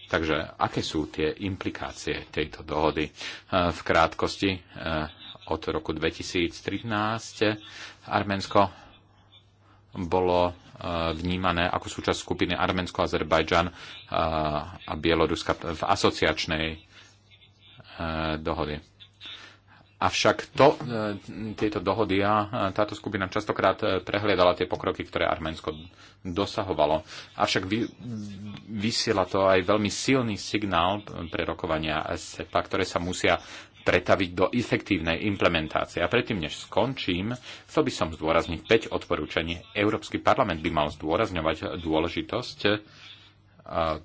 Takže aké sú tie implikácie tejto dohody? V krátkosti od roku 2013 Arménsko bolo vnímané ako súčasť skupiny Arménsko, Azerbajdžan a Bieloruska v asociačnej e, dohody. Avšak to, e, tieto dohody a táto skupina častokrát e, prehliadala tie pokroky, ktoré Arménsko dosahovalo. Avšak vy, vysiela to aj veľmi silný signál pre rokovania SEPA, ktoré sa musia pretaviť do efektívnej implementácie. A predtým, než skončím, chcel by som zdôrazniť 5 odporúčaní. Európsky parlament by mal zdôrazňovať dôležitosť e,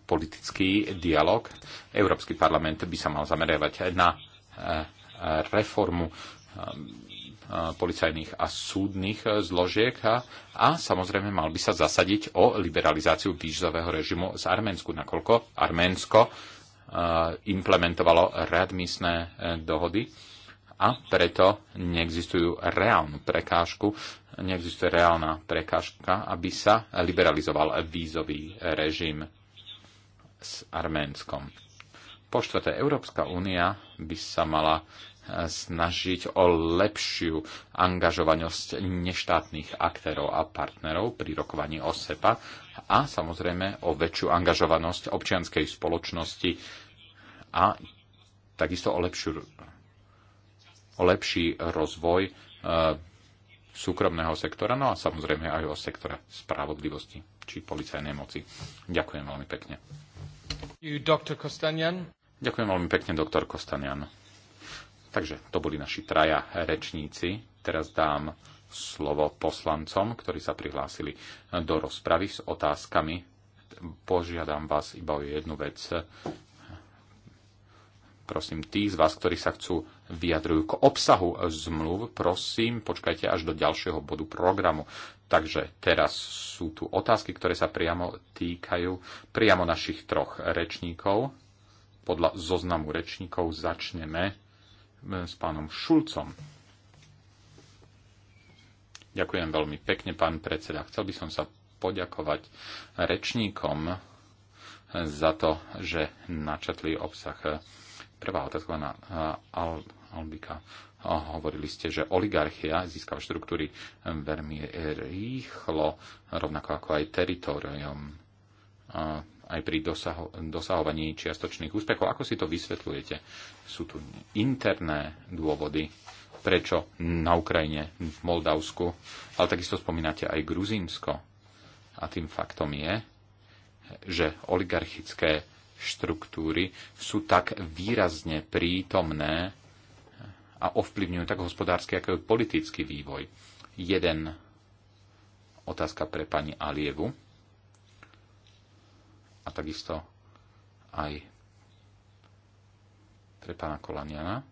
politický dialog. Európsky parlament by sa mal zameriavať na e, reformu e, policajných a súdnych zložiek a, a samozrejme mal by sa zasadiť o liberalizáciu vízového režimu z Arménsku, nakoľko Arménsko Eh, implementovalo readmisné eh, dohody a preto neexistujú reálnu prekážku, neexistuje reálna prekážka, aby sa liberalizoval vízový režim s Arménskom. Po štvrté, Európska únia by sa mala snažiť o lepšiu angažovanosť neštátnych aktérov a partnerov pri rokovaní o SEPA a samozrejme o väčšiu angažovanosť občianskej spoločnosti a takisto o, lepšiu, o lepší rozvoj e, súkromného sektora, no a samozrejme aj o sektora spravodlivosti či policajnej moci. Ďakujem veľmi pekne. You, Ďakujem veľmi pekne, doktor Kostanian. Takže to boli naši traja rečníci. Teraz dám slovo poslancom, ktorí sa prihlásili do rozpravy s otázkami. Požiadam vás iba o jednu vec. Prosím, tí z vás, ktorí sa chcú vyjadrujú k obsahu zmluv, prosím, počkajte až do ďalšieho bodu programu. Takže teraz sú tu otázky, ktoré sa priamo týkajú priamo našich troch rečníkov. Podľa zoznamu rečníkov začneme s pánom Šulcom. Ďakujem veľmi pekne, pán predseda. Chcel by som sa poďakovať rečníkom za to, že načetli obsah. Prvá otázka na Al- Albika. Hovorili ste, že oligarchia získava štruktúry veľmi rýchlo, rovnako ako aj teritorium aj pri dosaho- dosahovaní čiastočných úspechov. Ako si to vysvetľujete? Sú tu interné dôvody, prečo na Ukrajine, v Moldavsku, ale takisto spomínate aj Gruzínsko. A tým faktom je, že oligarchické štruktúry sú tak výrazne prítomné a ovplyvňujú tak hospodársky, ako aj politický vývoj. Jeden otázka pre pani Alievu a takisto aj pre pána Kolaniana.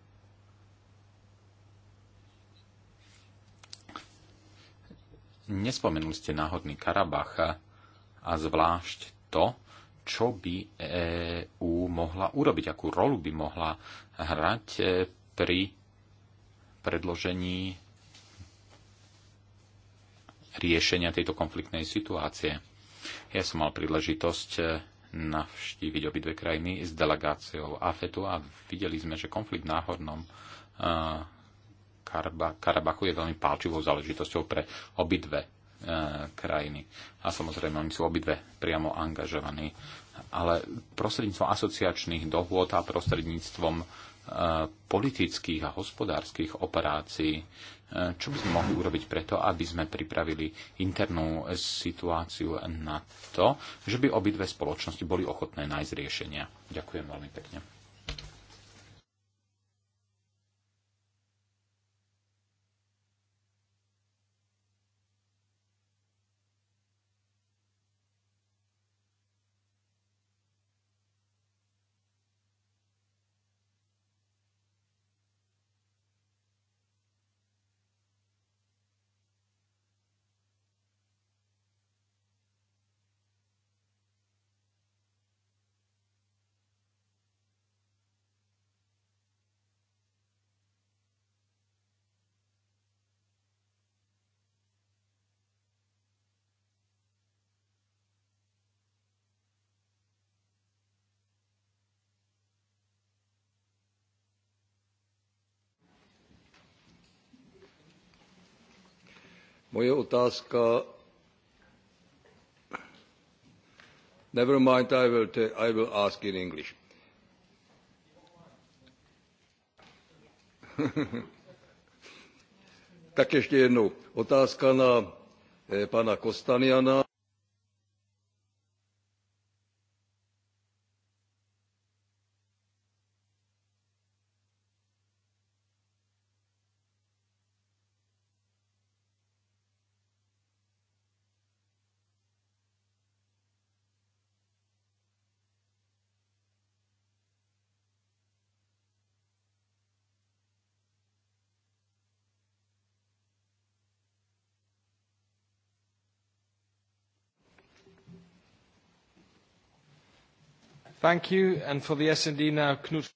Nespomenuli ste náhodný Karabach a zvlášť to, čo by EÚ mohla urobiť, akú rolu by mohla hrať eh, pri predložení riešenia tejto konfliktnej situácie. Ja som mal príležitosť eh, navštíviť obidve krajiny s delegáciou AFETu a videli sme, že konflikt v náhornom eh, Karabachu je veľmi pálčivou záležitosťou pre obidve eh, krajiny. A samozrejme, oni sú obidve priamo angažovaní. Ale prostredníctvom asociačných dohôd a prostredníctvom politických a hospodárskych operácií. E, čo by sme mohli urobiť preto, aby sme pripravili internú situáciu na to, že by obidve spoločnosti boli ochotné nájsť riešenia? Ďakujem veľmi pekne. Moje otázka Never mind, I will, t- I will ask in English. *laughs* tak ešte jednou. Otázka na e, eh, pána Kostaniana. Thank you. And for the S&D now, Knut.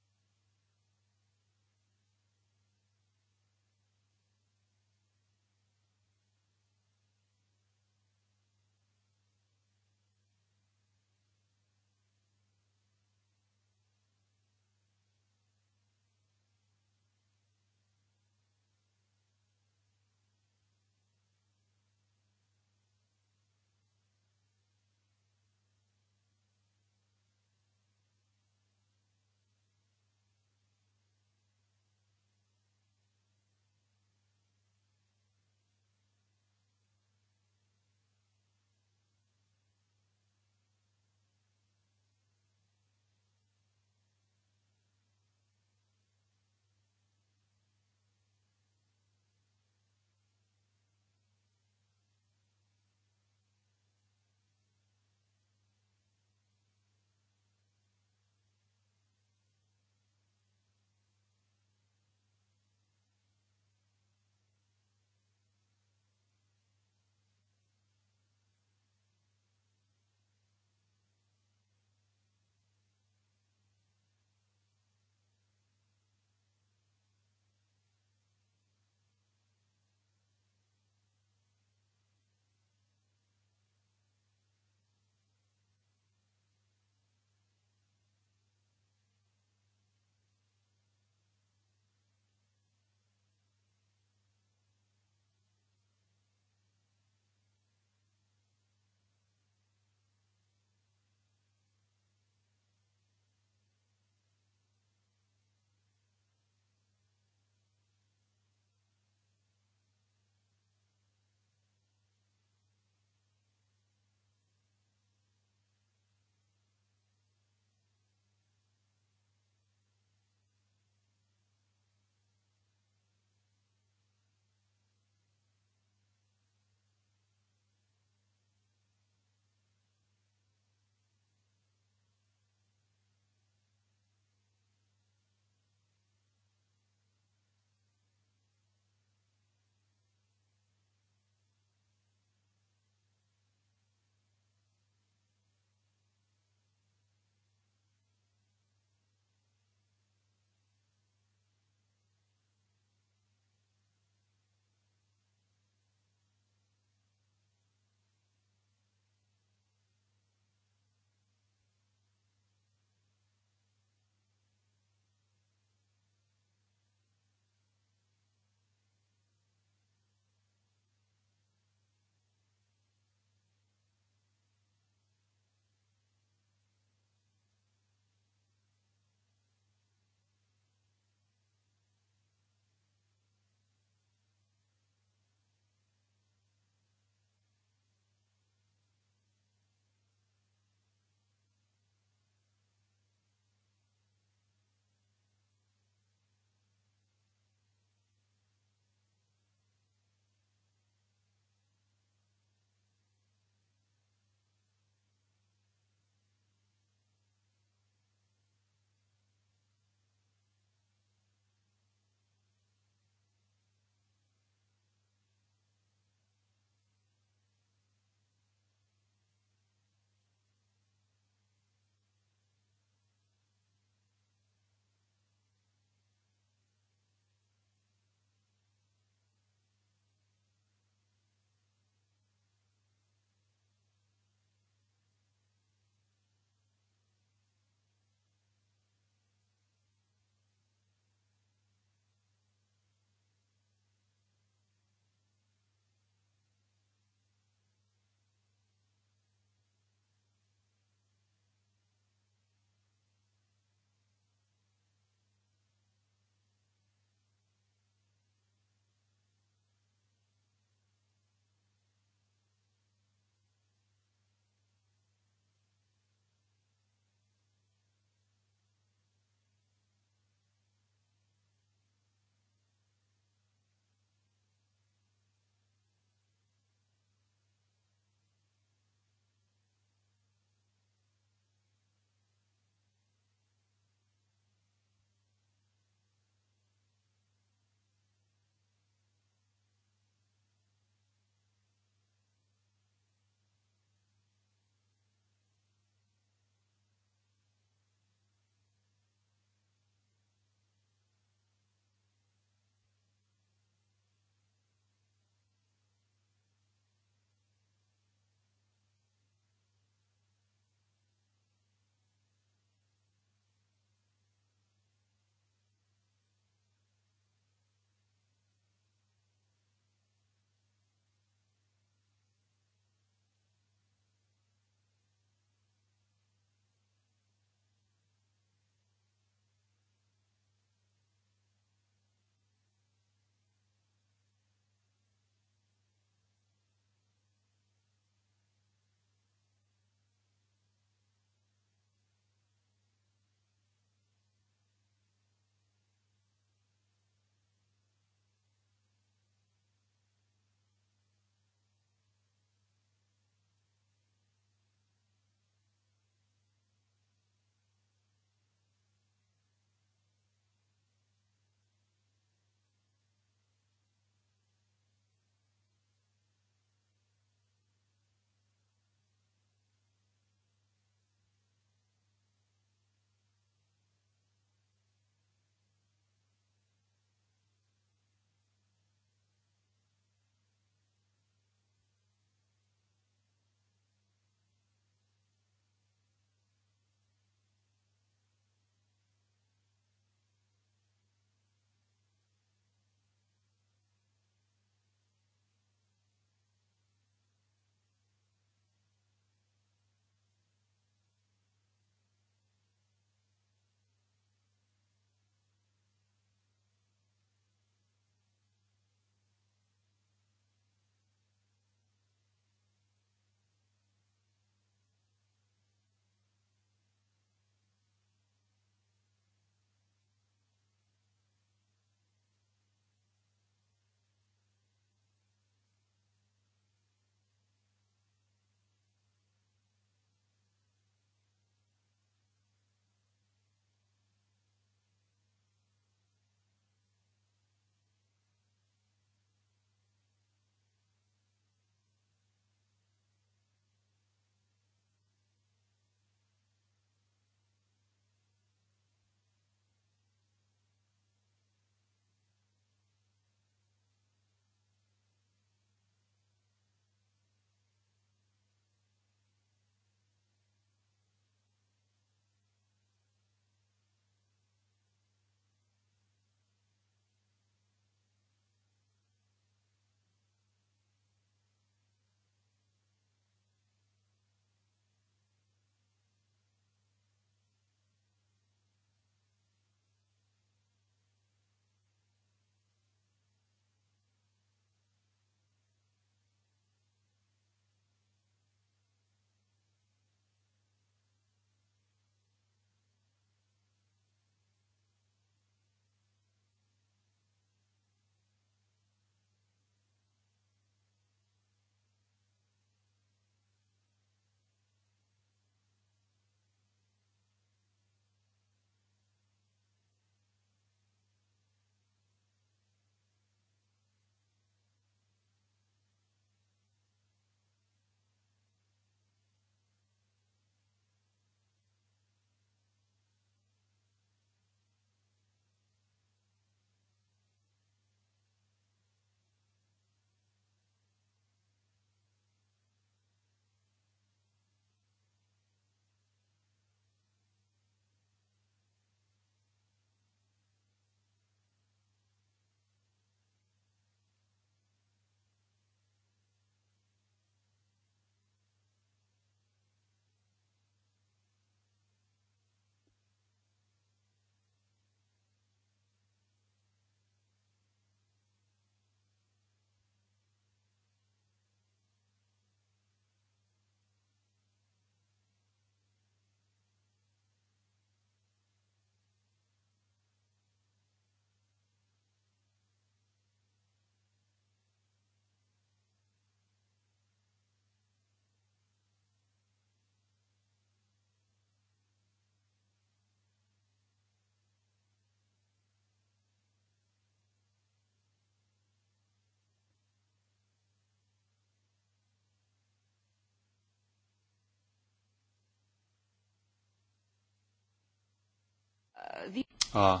A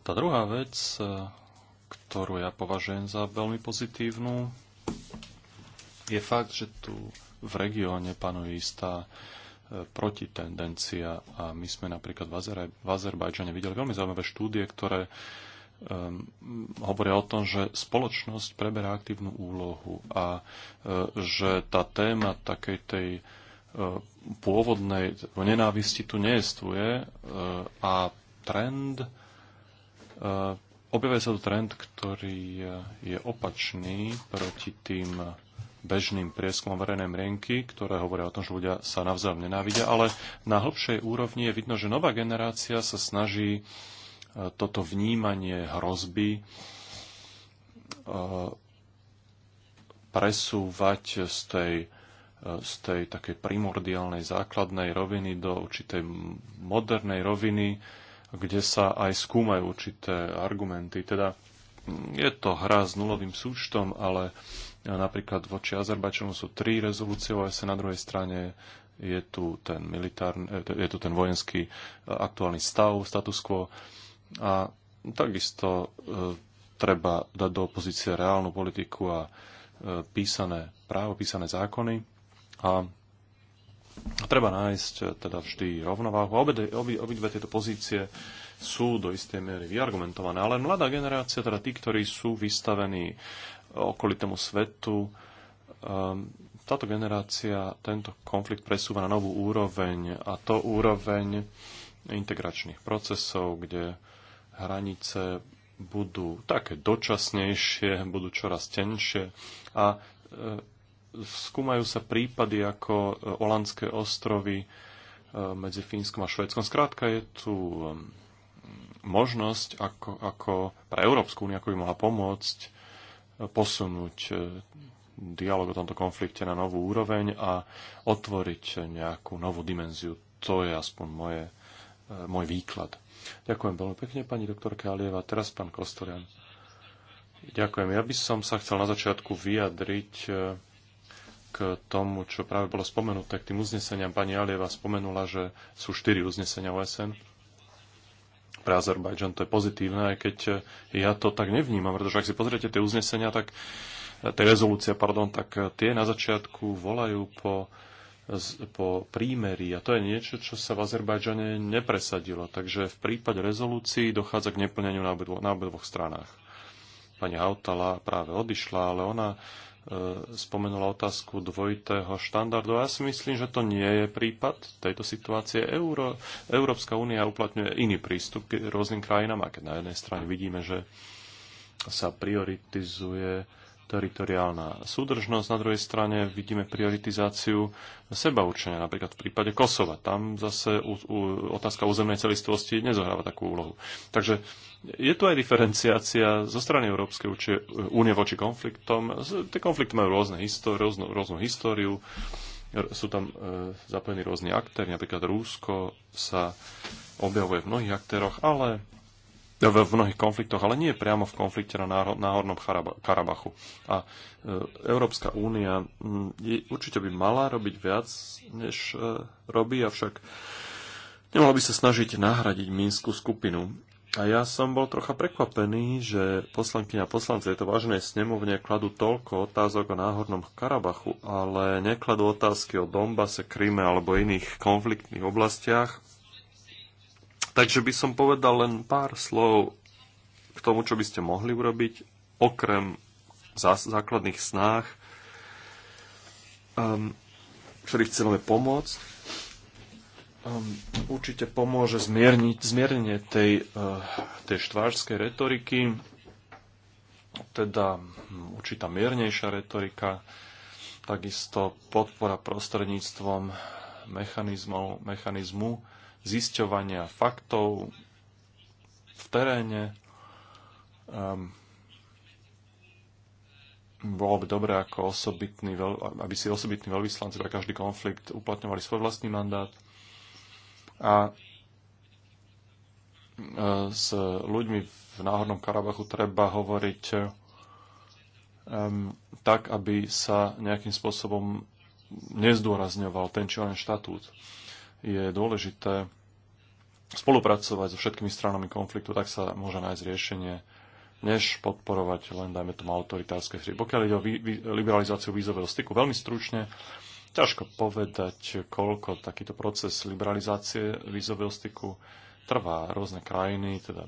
tá druhá vec, e, ktorú ja považujem za veľmi pozitívnu, je fakt, že tu v regióne panuje istá e, protitendencia a my sme napríklad v, Azer- v Azerbajdžane videli veľmi zaujímavé štúdie, ktoré um, hovoria o tom, že spoločnosť preberá aktívnu úlohu a uh, že tá téma takej tej uh, pôvodnej nenávisti tu neestuje uh, a trend, eh, objavuje sa tu trend, ktorý eh, je opačný proti tým bežným prieskumom verejnej mienky, ktoré hovoria o tom, že ľudia sa navzájom nenávidia, ale na hĺbšej úrovni je vidno, že nová generácia sa snaží eh, toto vnímanie hrozby presúvať z tej, z tej takej primordiálnej základnej roviny do určitej modernej roviny, kde sa aj skúmajú určité argumenty. Teda mm, je to hra s nulovým súčtom, ale napríklad voči Azerbačanu sú tri rezolúcie OSN, e, na druhej strane je tu ten, militárny, e, je tu ten vojenský e, aktuálny stav, status quo a takisto treba dať do opozície reálnu politiku a písané právo, písané zákony a Treba nájsť eh, teda vždy rovnováhu. Obidve, obi, obi tieto pozície sú do istej miery vyargumentované, ale mladá generácia, teda tí, ktorí sú vystavení eh, okolitému svetu, ehm, táto generácia tento konflikt presúva na novú úroveň a to úroveň integračných procesov, kde hranice budú také dočasnejšie, budú čoraz tenšie a eh, skúmajú sa prípady ako e, Olandské ostrovy e, medzi Fínskom a Švedskom. Skrátka je tu e, možnosť, ako, ako pre Európsku úniu, ako by mohla pomôcť posunúť dialog o tomto konflikte na novú úroveň a otvoriť nejakú novú dimenziu. To je aspoň moje, môj výklad. Ďakujem veľmi pekne, pani doktorka Alieva. Teraz pán Kostorian. Ďakujem. Ja by som sa chcel na začiatku vyjadriť k tomu, čo práve bolo spomenuté, k tým uzneseniam. Pani Alieva spomenula, že sú štyri uznesenia OSN pre Azerbajdžan. To je pozitívne, aj keď ja to tak nevnímam, pretože ak si pozriete tie uznesenia, tak tie rezolúcie, pardon, tak tie na začiatku volajú po, po prímeri a to je niečo, čo sa v Azerbajdžane nepresadilo. Takže v prípade rezolúcií dochádza k neplneniu na, na obidvoch stranách. Pani Hautala práve odišla, ale ona spomenula otázku dvojitého štandardu. Ja si myslím, že to nie je prípad tejto situácie. Euro, Európska únia uplatňuje iný prístup k rôznym krajinám, a keď na jednej strane vidíme, že sa prioritizuje teritoriálna súdržnosť, na druhej strane vidíme prioritizáciu seba určenia, napríklad v prípade Kosova. Tam zase u, u, otázka územnej celistvosti nezohráva takú úlohu. Takže je tu aj diferenciácia zo strany Európskej únie voči konfliktom. Tie konflikty majú rôzne históri- rôznu, rôznu históriu, sú tam e, zapojení rôzni aktéry, napríklad Rúsko sa objavuje v mnohých aktéroch, ale v, v mnohých konfliktoch, ale nie priamo v konflikte na náhodnom Karabachu. A e, Európska únia určite by mala robiť viac, než e, robí, avšak nemala by sa snažiť nahradiť Minskú skupinu. A ja som bol trocha prekvapený, že poslankyňa poslanci tejto vážnej snemovne kladú toľko otázok o náhornom Karabachu, ale nekladú otázky o Dombase, Kryme alebo iných konfliktných oblastiach, Takže by som povedal len pár slov k tomu, čo by ste mohli urobiť, okrem základných snách, um, ktorých chceme pomôcť. Um, určite pomôže zmierniť, zmiernenie tej, uh, tej štvárskej retoriky, teda hm, určitá miernejšia retorika, takisto podpora prostredníctvom mechanizmov, mechanizmu, zisťovania faktov v teréne. Um, bolo by dobré, ako osobitný, aby si osobitní veľvyslanci pre každý konflikt uplatňovali svoj vlastný mandát a e, s ľuďmi v Náhornom Karabachu treba hovoriť um, tak, aby sa nejakým spôsobom nezdôrazňoval ten či len štatút je dôležité spolupracovať so všetkými stranami konfliktu, tak sa môže nájsť riešenie, než podporovať len, dajme tomu, autoritárske hry. Pokiaľ ide o vý, vý, liberalizáciu vízového styku, veľmi stručne, ťažko povedať, koľko takýto proces liberalizácie vízového styku trvá. Rôzne krajiny, teda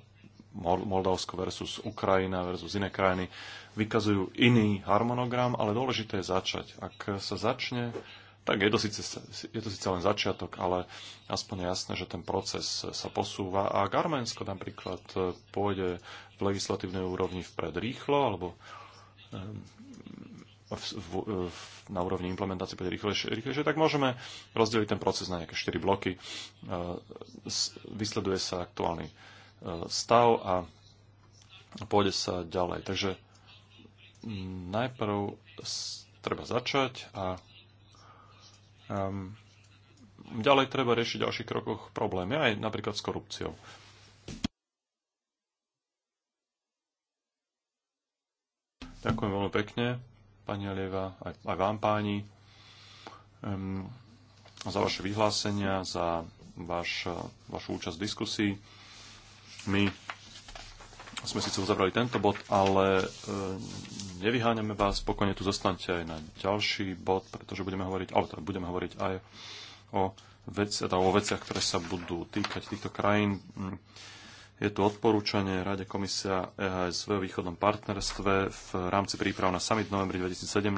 Moldavsko versus Ukrajina versus iné krajiny, vykazujú iný harmonogram, ale dôležité je začať. Ak sa začne tak je to, síce, je to síce len začiatok, ale aspoň je jasné, že ten proces sa posúva a ak Arménsko napríklad e, pôjde v legislatívnej úrovni vpred rýchlo alebo e, v, v, v, na úrovni implementácie pôjde rýchlejšie, rýchlejšie, tak môžeme rozdeliť ten proces na nejaké 4 bloky. E, vysleduje sa aktuálny stav a pôjde sa ďalej. Takže najprv treba začať a Um, ďalej treba riešiť v ďalších krokoch problémy, aj napríklad s korupciou. Ďakujem veľmi pekne, pani Alieva, aj, aj vám páni, um, za vaše vyhlásenia, za vaš, vašu účasť v diskusii. My sme síce uzavrali tento bod, ale e, nevyháňame vás, spokojne tu zostanete aj na ďalší bod, pretože budeme hovoriť, ale teda budeme hovoriť aj o, vec, teda o veciach, ktoré sa budú týkať týchto krajín. Je tu odporúčanie Rade komisia EHS o východnom partnerstve v rámci príprav na summit v novembri 2017,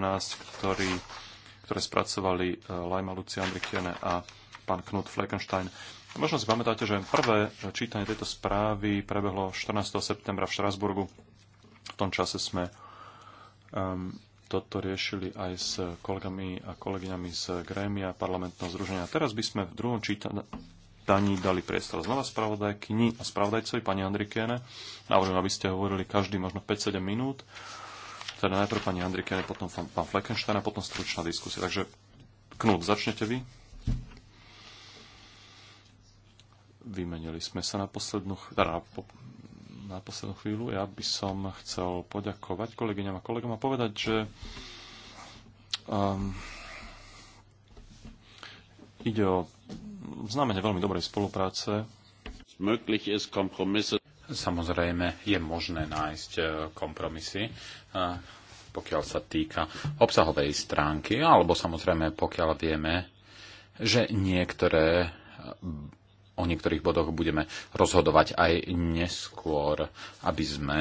ktorý, ktoré spracovali e, Lajma Lucia Andrikiene a pán Knut Fleckenstein. Možno si pamätáte, že prvé čítanie tejto správy prebehlo 14. septembra v Štrasburgu. V tom čase sme um, toto riešili aj s kolegami a kolegyňami z Grémia parlamentného združenia. Teraz by sme v druhom čítaní dali priestor znova spravodajkyni a spravodajcovi pani Andrikiene. Navrhujem, aby ste hovorili každý možno 5-7 minút. Teda najprv pani Andrikene, potom pán Fleckenstein a potom stručná diskusia. Takže Knut, začnete vy. Vymenili sme sa na poslednú, teda na poslednú chvíľu. Ja by som chcel poďakovať kolegyňam a kolegom a povedať, že um, ide o znamenie veľmi dobrej spolupráce. Samozrejme, je možné nájsť e, kompromisy, e, pokiaľ sa týka obsahovej stránky, alebo samozrejme, pokiaľ vieme, že niektoré o niektorých bodoch budeme rozhodovať aj neskôr, aby sme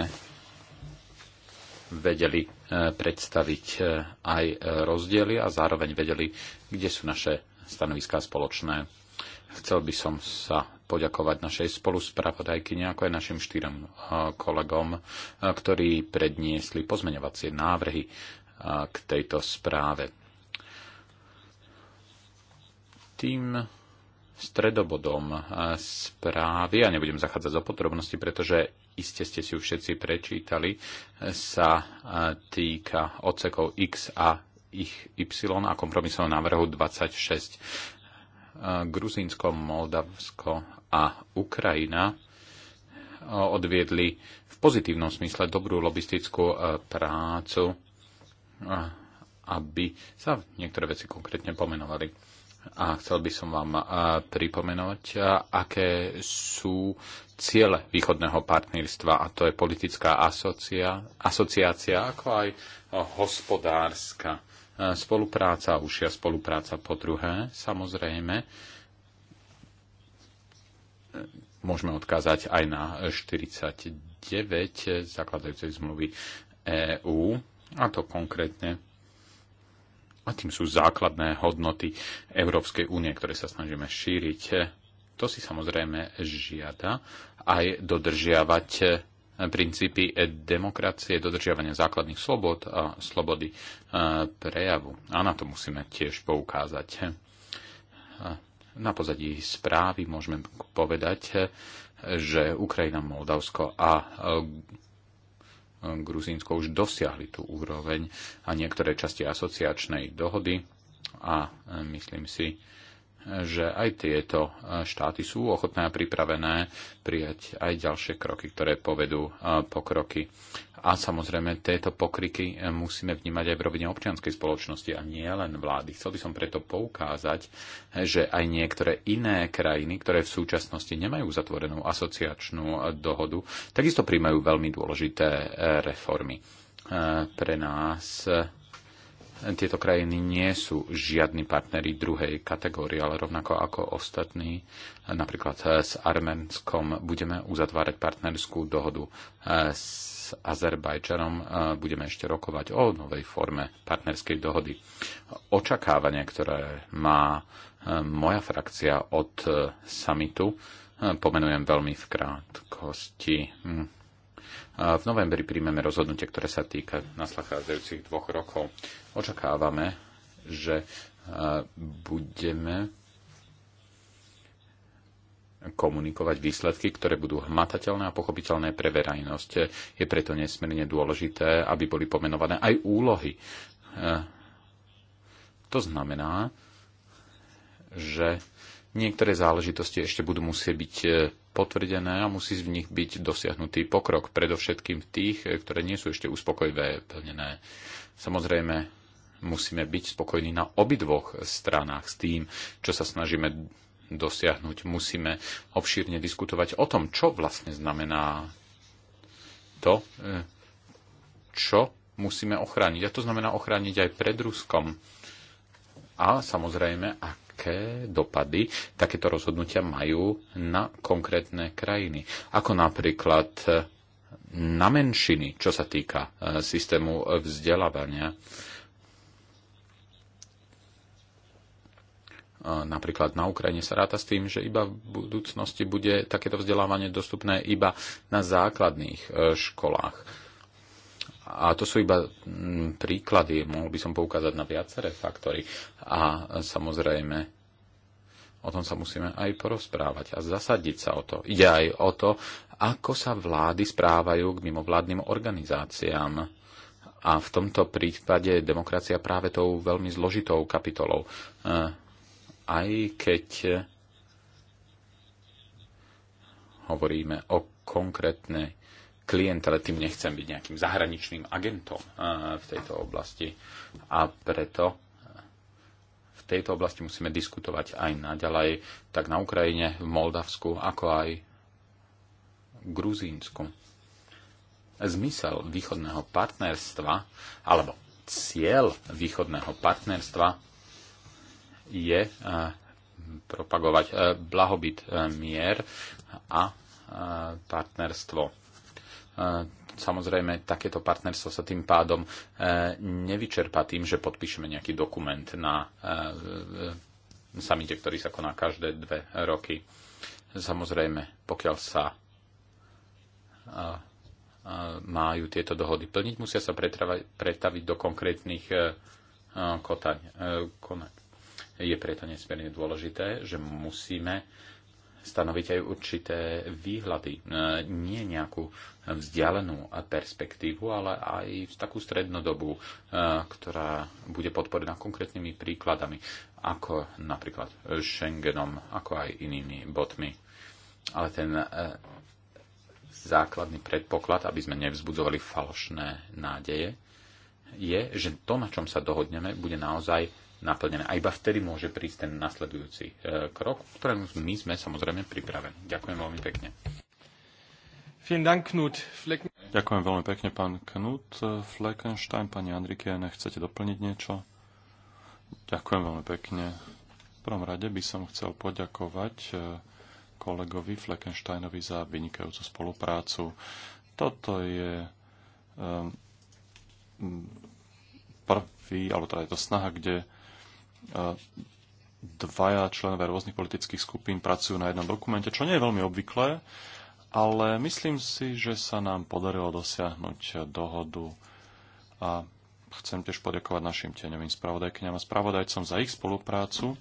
vedeli e, predstaviť e, aj e, rozdiely a zároveň vedeli, kde sú naše stanoviská spoločné. Chcel by som sa poďakovať našej spoluspravodajky, ako aj našim štyrom kolegom, ktorí predniesli pozmeňovacie návrhy k tejto správe. Tým stredobodom eh, správy, a nebudem zachádzať do podrobnosti, pretože iste ste si ju všetci prečítali, eh, sa eh, týka odsekov X a ich Y a kompromisov návrhu 26. Gruzínsko, Moldavsko a Ukrajina odviedli v pozitívnom smysle dobrú lobistickú prácu, aby sa niektoré veci konkrétne pomenovali a chcel by som vám pripomenúť, aké sú ciele východného partnerstva a to je politická asocia, asociácia ako aj hospodárska spolupráca, užšia spolupráca po druhé, samozrejme. Môžeme odkázať aj na 49 zakladajúcej zmluvy EÚ, a to konkrétne a tým sú základné hodnoty Európskej únie, ktoré sa snažíme šíriť. To si samozrejme žiada aj dodržiavať princípy demokracie, dodržiavania základných slobod a slobody e, prejavu. A na to musíme tiež poukázať. E, na pozadí správy môžeme povedať, e, že Ukrajina, Moldavsko a Gruzínsko už dosiahli tú úroveň a niektoré časti asociačnej dohody a e, myslím si, že aj tieto e, štáty sú ochotné a pripravené prijať aj ďalšie kroky, ktoré povedú e, pokroky. A samozrejme, tieto pokryky e, musíme vnímať aj v rovine občianskej spoločnosti a nie len vlády. Chcel by som preto poukázať, že aj niektoré iné krajiny, ktoré v súčasnosti nemajú zatvorenú asociačnú dohodu, takisto príjmajú veľmi dôležité reformy pre nás tieto krajiny nie sú žiadni partneri druhej kategórie, ale rovnako ako ostatní, napríklad eh, s Arménskom budeme uzatvárať partnerskú dohodu eh, s Azerbajčanom, eh, budeme ešte rokovať o novej forme partnerskej dohody. Očakávania, ktoré má moja frakcia od samitu, pomenujem veľmi v krátkosti hm, v novembri príjmeme rozhodnutie, ktoré sa týka nasledujúcich dvoch rokov. Očakávame, že budeme komunikovať výsledky, ktoré budú hmatateľné a pochopiteľné pre verejnosť. Je preto nesmierne dôležité, aby boli pomenované aj úlohy. To znamená, že Niektoré záležitosti ešte budú musieť byť e, potvrdené a musí v nich byť dosiahnutý pokrok, predovšetkým v tých, e, ktoré nie sú ešte uspokojivé plnené. Samozrejme, musíme byť spokojní na obidvoch stranách s tým, čo sa snažíme dosiahnuť. Musíme obšírne diskutovať o tom, čo vlastne znamená to, e, čo musíme ochrániť. A to znamená ochrániť aj pred Ruskom. A samozrejme, ak aké dopady takéto rozhodnutia majú na konkrétne krajiny. Ako napríklad eh, na menšiny, čo sa týka eh, systému vzdelávania. Eh, napríklad na Ukrajine sa ráta s tým, že iba v budúcnosti bude takéto vzdelávanie dostupné iba na základných školách a to sú iba mm, príklady, mohol by som poukázať na viaceré faktory. A samozrejme, o tom sa musíme aj porozprávať a zasadiť sa o to. Ide aj o to, ako sa vlády správajú k mimovládnym organizáciám. A v tomto prípade je demokracia práve tou veľmi zložitou kapitolou. E, aj keď hovoríme o konkrétnej klient, ale tým nechcem byť nejakým zahraničným agentom eh, v tejto oblasti. A preto eh, v tejto oblasti musíme diskutovať aj naďalej, tak na Ukrajine, v Moldavsku, ako aj v Gruzínsku. Zmysel východného partnerstva, alebo cieľ východného partnerstva je eh, propagovať blahobyt mier a partnerstvo Samozrejme, takéto partnerstvo sa tým pádom e, nevyčerpa tým, že podpíšeme nejaký dokument na e, e, samite, ktorý sa koná každé dve roky. Samozrejme, pokiaľ sa majú tieto dohody plniť, musia sa pretaviť do konkrétnych kotaň. Je preto nesmierne dôležité, že musíme stanoviť aj určité výhľady. E, nie nejakú vzdialenú perspektívu, ale aj v takú strednodobú, e, ktorá bude podporená konkrétnymi príkladami, ako napríklad Schengenom, ako aj inými botmi. Ale ten e, základný predpoklad, aby sme nevzbudzovali falošné nádeje, je, že to, na čom sa dohodneme, bude naozaj naplnené. A iba vtedy môže prísť ten nasledujúci e, krok, ktorému my sme samozrejme pripravení. Ďakujem veľmi pekne. Ďakujem veľmi pekne, pán Knut Fleckenstein. Pani Andrike, nechcete doplniť niečo? Ďakujem veľmi pekne. V prvom rade by som chcel poďakovať e, kolegovi Fleckensteinovi za vynikajúcu spoluprácu. Toto je e, prvý, alebo teda je to snaha, kde dvaja členové rôznych politických skupín pracujú na jednom dokumente, čo nie je veľmi obvyklé, ale myslím si, že sa nám podarilo dosiahnuť dohodu a chcem tiež poďakovať našim tieňovým spravodajkyňam a spravodajcom za ich spoluprácu.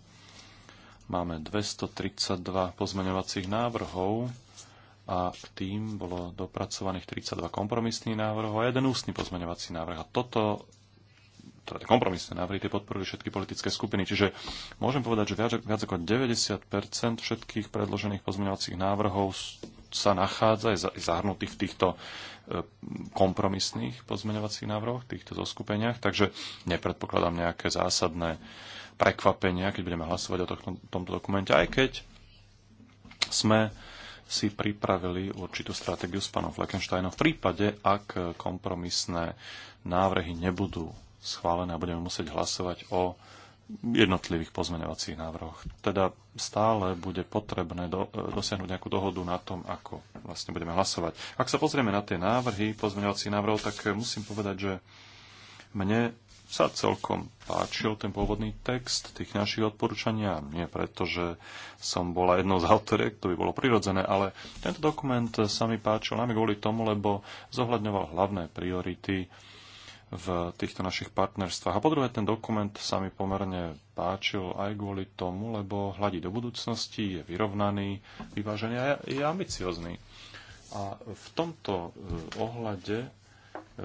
Máme 232 pozmeňovacích návrhov a k tým bolo dopracovaných 32 kompromisných návrhov a jeden ústny pozmeňovací návrh. A toto teda kompromisné návrhy, tie podporujú všetky politické skupiny. Čiže môžem povedať, že viac, viac ako 90 všetkých predložených pozmeňovacích návrhov sa nachádza aj zahrnutých v týchto e, kompromisných pozmeňovacích návrhoch, týchto zoskupeniach, takže nepredpokladám nejaké zásadné prekvapenia, keď budeme hlasovať o tohto, tomto dokumente, aj keď sme si pripravili určitú stratégiu s pánom Fleckensteinom v prípade, ak kompromisné návrhy nebudú schválené a budeme musieť hlasovať o jednotlivých pozmeňovacích návrhoch. Teda stále bude potrebné do, dosiahnuť nejakú dohodu na tom, ako vlastne budeme hlasovať. Ak sa pozrieme na tie návrhy pozmeňovacích návrhov, tak musím povedať, že mne sa celkom páčil ten pôvodný text tých našich odporúčania. Nie preto, že som bola jednou z autoriek, to by bolo prirodzené, ale tento dokument sa mi páčil najmä kvôli tomu, lebo zohľadňoval hlavné priority v týchto našich partnerstvách. A po druhé, ten dokument sa mi pomerne páčil aj kvôli tomu, lebo hľadí do budúcnosti, je vyrovnaný, vyvážený a je ambiciozný. A v tomto e, ohľade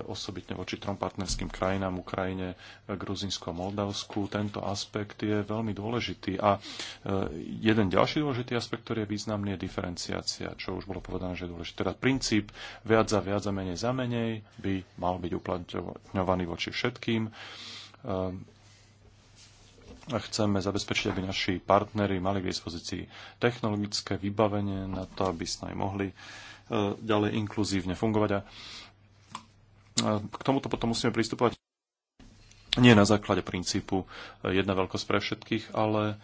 osobitne voči trom partnerským krajinám, Ukrajine, Gruzinsku a Moldavsku. Tento aspekt je veľmi dôležitý. A e, jeden ďalší dôležitý aspekt, ktorý je významný, je diferenciácia, čo už bolo povedané, že je dôležité. Teda princíp viac za viac a menej za menej by mal byť uplatňovaný voči všetkým. E, a chceme zabezpečiť, aby naši partnery mali k dispozícii technologické vybavenie na to, aby sme aj mohli e, ďalej inkluzívne fungovať. A k tomuto potom musíme pristupovať nie na základe princípu e, jedna veľkosť pre všetkých, ale e,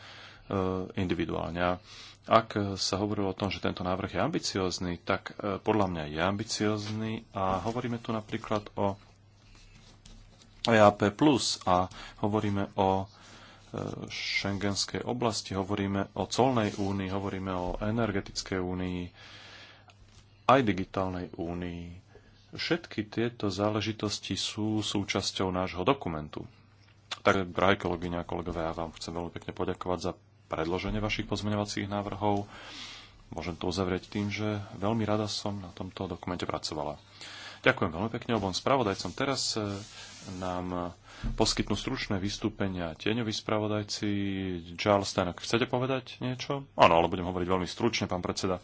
individuálne. Ak sa hovorilo o tom, že tento návrh je ambiciózny, tak e, podľa mňa je ambiciózny a hovoríme tu napríklad o EAP+, a hovoríme o šengenskej oblasti, hovoríme o colnej únii, hovoríme o energetickej únii, aj digitálnej únii. Všetky tieto záležitosti sú súčasťou nášho dokumentu. Tak, drahé kolegyne a kolegové, ja vám chcem veľmi pekne poďakovať za predloženie vašich pozmeňovacích návrhov. Môžem to uzavrieť tým, že veľmi rada som na tomto dokumente pracovala. Ďakujem veľmi pekne obom spravodajcom. Teraz eh, nám poskytnú stručné vystúpenia tieňoví spravodajci. Charles Stanok, chcete povedať niečo? Áno, ale budem hovoriť veľmi stručne, pán predseda.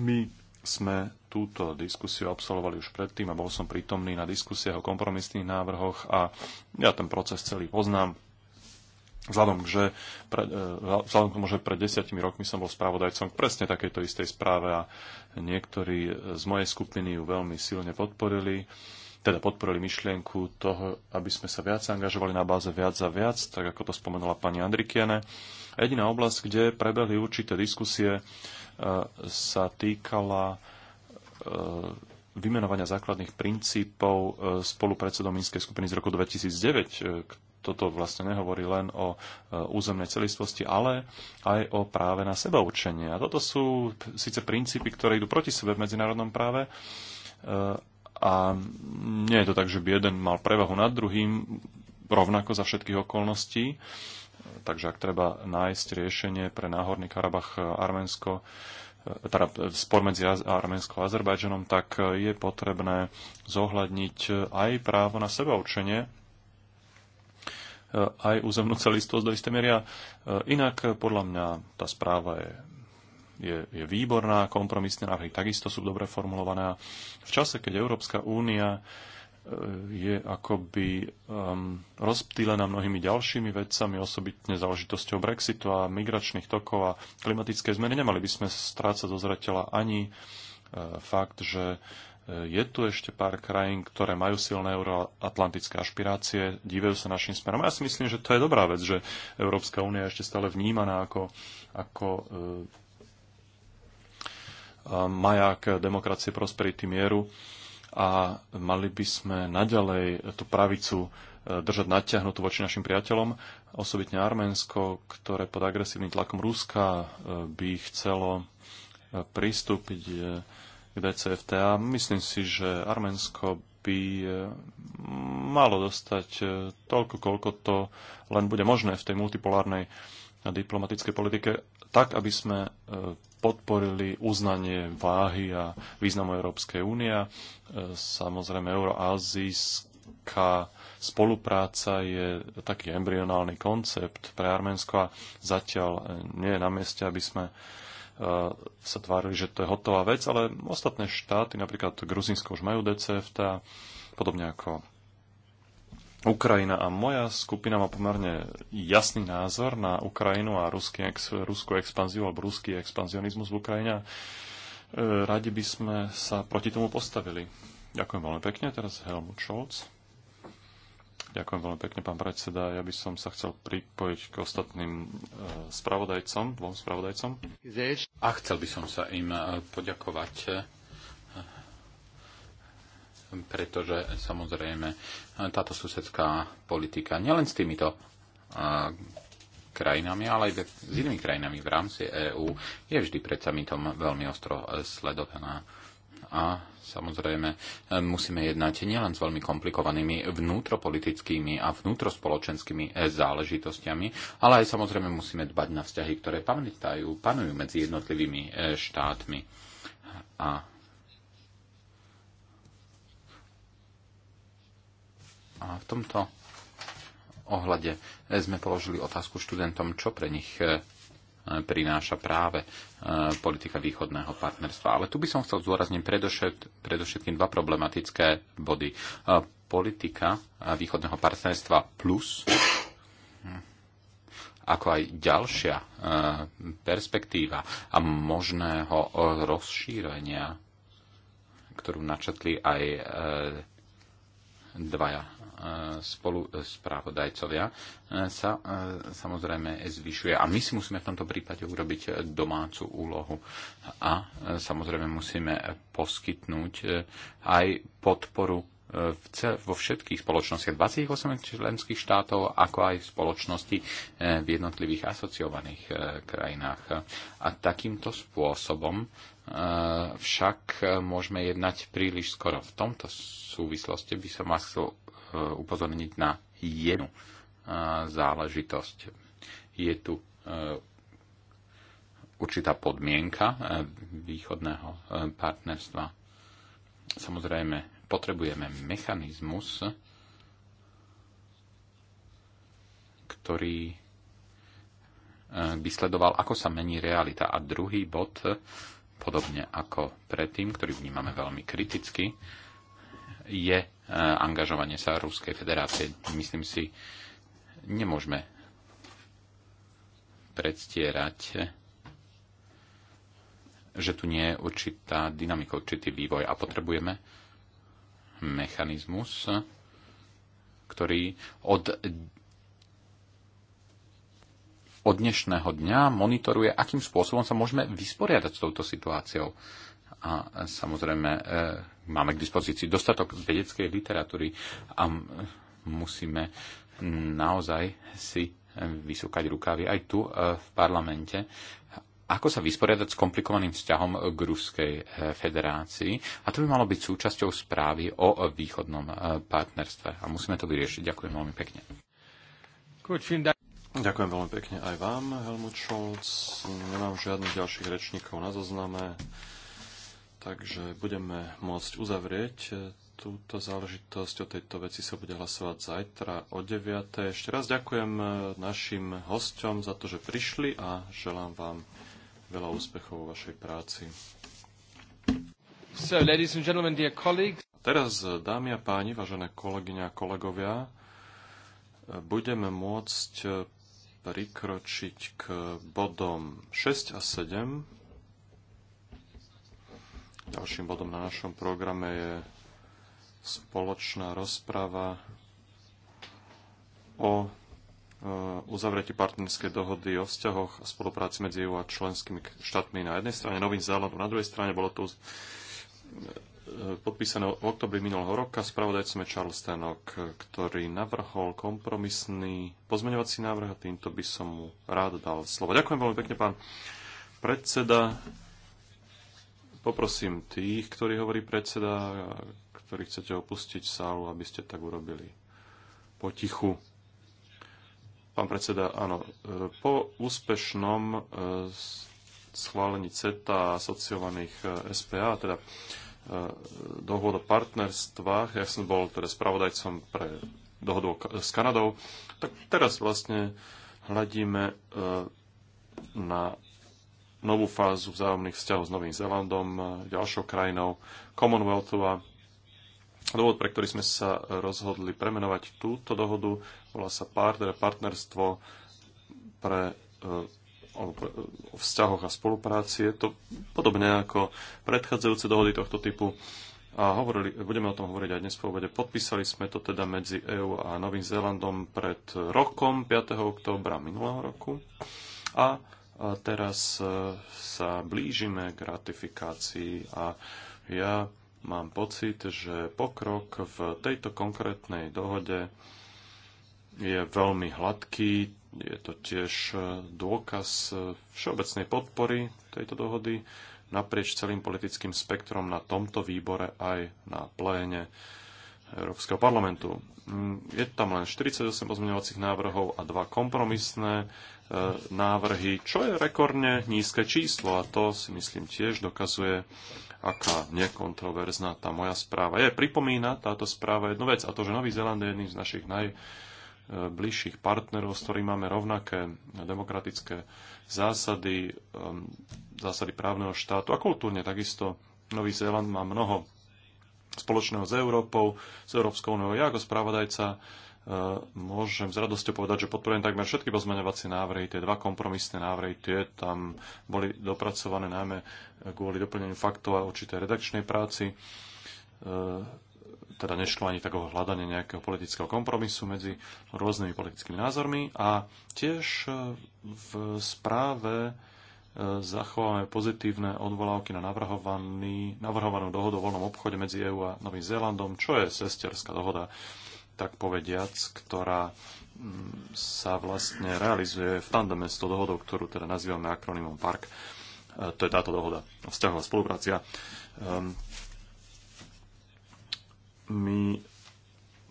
My sme túto diskusiu absolvovali už predtým a bol som prítomný na diskusiách o kompromisných návrhoch a ja ten proces celý poznám. Vzhľadom, že pre, e, vzhľadom k tomu, že pred desiatimi rokmi som bol správodajcom k presne takejto istej správe a niektorí z mojej skupiny ju veľmi silne podporili, teda podporili myšlienku toho, aby sme sa viac angažovali na báze viac a viac, tak ako to spomenula pani Andrikiene. Jediná oblasť, kde prebehli určité diskusie, e, sa týkala e, vymenovania základných princípov e, spolupredsedom Minskej skupiny z roku 2009. Toto vlastne nehovorí len o územnej celistvosti, ale aj o práve na seba učenie. A toto sú síce princípy, ktoré idú proti sebe v medzinárodnom práve, a nie je to tak, že by jeden mal prevahu nad druhým rovnako za všetkých okolností. Takže ak treba nájsť riešenie pre Náhorný Karabach e, Arménsko, e, teda e, spor medzi Arménsko a Azerbajdžanom, tak je potrebné zohľadniť aj právo na sebaurčenie, aj územnú celistvosť do isté miery. Inak podľa mňa tá správa je, je, je výborná, kompromisné návrhy takisto sú dobre formulované. V čase, keď Európska únia je akoby um, rozptýlená mnohými ďalšími vecami, osobitne záležitosťou Brexitu a migračných tokov a klimatické zmeny. Nemali by sme strácať zo zreteľa ani e, fakt, že e, je tu ešte pár krajín, ktoré majú silné euroatlantické ašpirácie, dívajú sa našim smerom. Ja si myslím, že to je dobrá vec, že Európska únia je ešte stále vnímaná ako, ako e, majak demokracie, prosperity, mieru. E, a mali by sme naďalej tú pravicu e, držať natiahnutú voči našim priateľom, osobitne Arménsko, ktoré pod agresívnym tlakom Ruska e, by chcelo e, pristúpiť k DCFTA. Myslím si, že Arménsko by malo dostať toľko, koľko to len bude možné v tej multipolárnej diplomatickej politike tak, aby sme e, podporili uznanie váhy a významu Európskej únie. E, samozrejme, euroazijská spolupráca je taký embryonálny koncept pre Arménsko a zatiaľ e, nie je na mieste, aby sme sa tvárili, že to je hotová vec, ale ostatné štáty, napríklad Gruzinsko už majú DCFT, podobne ako Ukrajina. A moja skupina má pomerne jasný názor na Ukrajinu a ruský, ex, ruskú expanziu alebo ruský expanzionizmus v Ukrajine. E, radi by sme sa proti tomu postavili. Ďakujem veľmi pekne. Teraz Helmut Scholz. Ďakujem veľmi pekne, pán predseda. Ja by som sa chcel pripojiť k ostatným e, spravodajcom, dvom spravodajcom. A chcel by som sa im e, poďakovať pretože samozrejme táto susedská politika nielen s týmito krajinami, ale aj s inými krajinami v rámci EÚ je vždy pred samitom veľmi ostro e, sledovaná. A samozrejme e, musíme jednať nielen s veľmi komplikovanými vnútropolitickými a vnútrospoločenskými e, záležitostiami, ale aj samozrejme musíme dbať na vzťahy, ktoré pamätajú, panujú medzi jednotlivými štátmi. A A v tomto ohľade e, sme položili otázku študentom, čo pre nich e, prináša práve e, politika východného partnerstva. Ale tu by som chcel zdôrazniť predovšetkým dva problematické body. Politika východného partnerstva plus ako aj ďalšia perspektíva a možného rozšírenia, ktorú načetli aj dvaja e, spolu e, správodajcovia e, sa samozrejme zvyšuje. A my si musíme v tomto prípade urobiť domácu úlohu. A samozrejme musíme poskytnúť aj podporu vo všetkých spoločnostiach 28 členských štátov, ako aj v spoločnosti v jednotlivých asociovaných krajinách. A takýmto spôsobom Eh, však eh, môžeme jednať príliš skoro. V tomto súvislosti by som vás chcel eh, upozorniť na jednu záležitosť. Je tu určitá podmienka východného partnerstva. Samozrejme, potrebujeme mechanizmus, ktorý by sledoval, ako sa mení realita. A druhý bod podobne ako predtým, ktorý vnímame veľmi kriticky, je e, angažovanie sa Ruskej federácie. Myslím si, nemôžeme predstierať, že tu nie je určitá dynamika, určitý vývoj a potrebujeme mechanizmus, ktorý od od dnešného dňa monitoruje, akým spôsobom sa môžeme vysporiadať s touto situáciou. A samozrejme, e, máme k dispozícii dostatok vedeckej literatúry a musíme naozaj si vysúkať rukávy aj tu e, v parlamente, ako sa vysporiadať s komplikovaným vzťahom k Ruskej e, federácii. A to by malo byť súčasťou správy o východnom partnerstve. A musíme to vyriešiť. Ďakujem veľmi pekne. Ďakujem veľmi pekne aj vám, Helmut Scholz. Nemám žiadnych ďalších rečníkov na zozname, takže budeme môcť uzavrieť e, túto záležitosť. O tejto veci sa bude hlasovať zajtra o 9. Ešte raz ďakujem e, našim hostom za to, že prišli a želám vám veľa úspechov vo vašej práci. So, ladies and gentlemen, dear colleagues. Teraz, e, dámy a páni, vážené kolegyne a kolegovia, budeme môcť prikročiť k bodom 6 a 7. Ďalším bodom na našom programe je spoločná rozprava o e, uzavretí partnerskej dohody o vzťahoch a spolupráci medzi EU a členskými štátmi na jednej strane, Novým Zélandom na druhej strane. Bolo to podpísané v oktobri minulého roka spravodajcom je Charles Stanok, ktorý navrhol kompromisný pozmeňovací návrh a týmto by som mu rád dal slovo. Ďakujem veľmi pekne, pán predseda. Poprosím tých, ktorí hovorí predseda, ktorí chcete opustiť sálu, aby ste tak urobili potichu. Pán predseda, áno, po úspešnom eh, schválení CETA asociovaných eh, SPA, teda Eh, dohôd o partnerstvách. Ja som bol teda spravodajcom pre dohodu s Kanadou. Tak teraz vlastne hľadíme eh, na novú fázu vzájomných vzťahov s Novým Zelandom, eh, ďalšou krajinou Commonwealthu a dôvod, pre ktorý sme sa rozhodli premenovať túto dohodu, volá sa partner, teda partnerstvo pre o, o vzťahoch a spolupráci. Je to podobne ako predchádzajúce dohody tohto typu. A hovorili, budeme o tom hovoriť aj dnes po obede. Podpísali sme to teda medzi EÚ a Novým Zélandom pred rokom, 5. októbra minulého roku. A teraz e, sa blížime k ratifikácii a ja mám pocit, že pokrok v tejto konkrétnej dohode je veľmi hladký. Je to tiež e, dôkaz e, všeobecnej podpory tejto dohody naprieč celým politickým spektrom na tomto výbore aj na pléne Európskeho parlamentu. Mm, je tam len 48 pozmeňovacích návrhov a dva kompromisné e, návrhy, čo je rekordne nízke číslo a to si myslím tiež dokazuje, aká nekontroverzná tá moja správa je. Pripomína táto správa jednu vec a to, že Nový Zeland je jedným z našich naj bližších partnerov, s ktorými máme rovnaké demokratické zásady, um, zásady právneho štátu a kultúrne takisto. Nový Zéland má mnoho spoločného s Európou, s Európskou úniou. Ja ako spravodajca uh, môžem s radosťou povedať, že podporujem takmer všetky pozmeňovacie návrhy, tie dva kompromisné návrhy, tie tam boli dopracované najmä kvôli doplneniu faktov a určitej redakčnej práci. Uh, teda nešlo ani takého hľadanie nejakého politického kompromisu medzi rôznymi politickými názormi a tiež e, v správe e, zachováme pozitívne odvolávky na navrhovaný, navrhovanú dohodu o voľnom obchode medzi EÚ a Novým Zélandom, čo je sesterská dohoda, tak povediac, ktorá mm, sa vlastne realizuje v tandeme s tou dohodou, ktorú teda nazývame akronymom PARK. E, to je táto dohoda o vzťahová spolupráci. Ehm, my,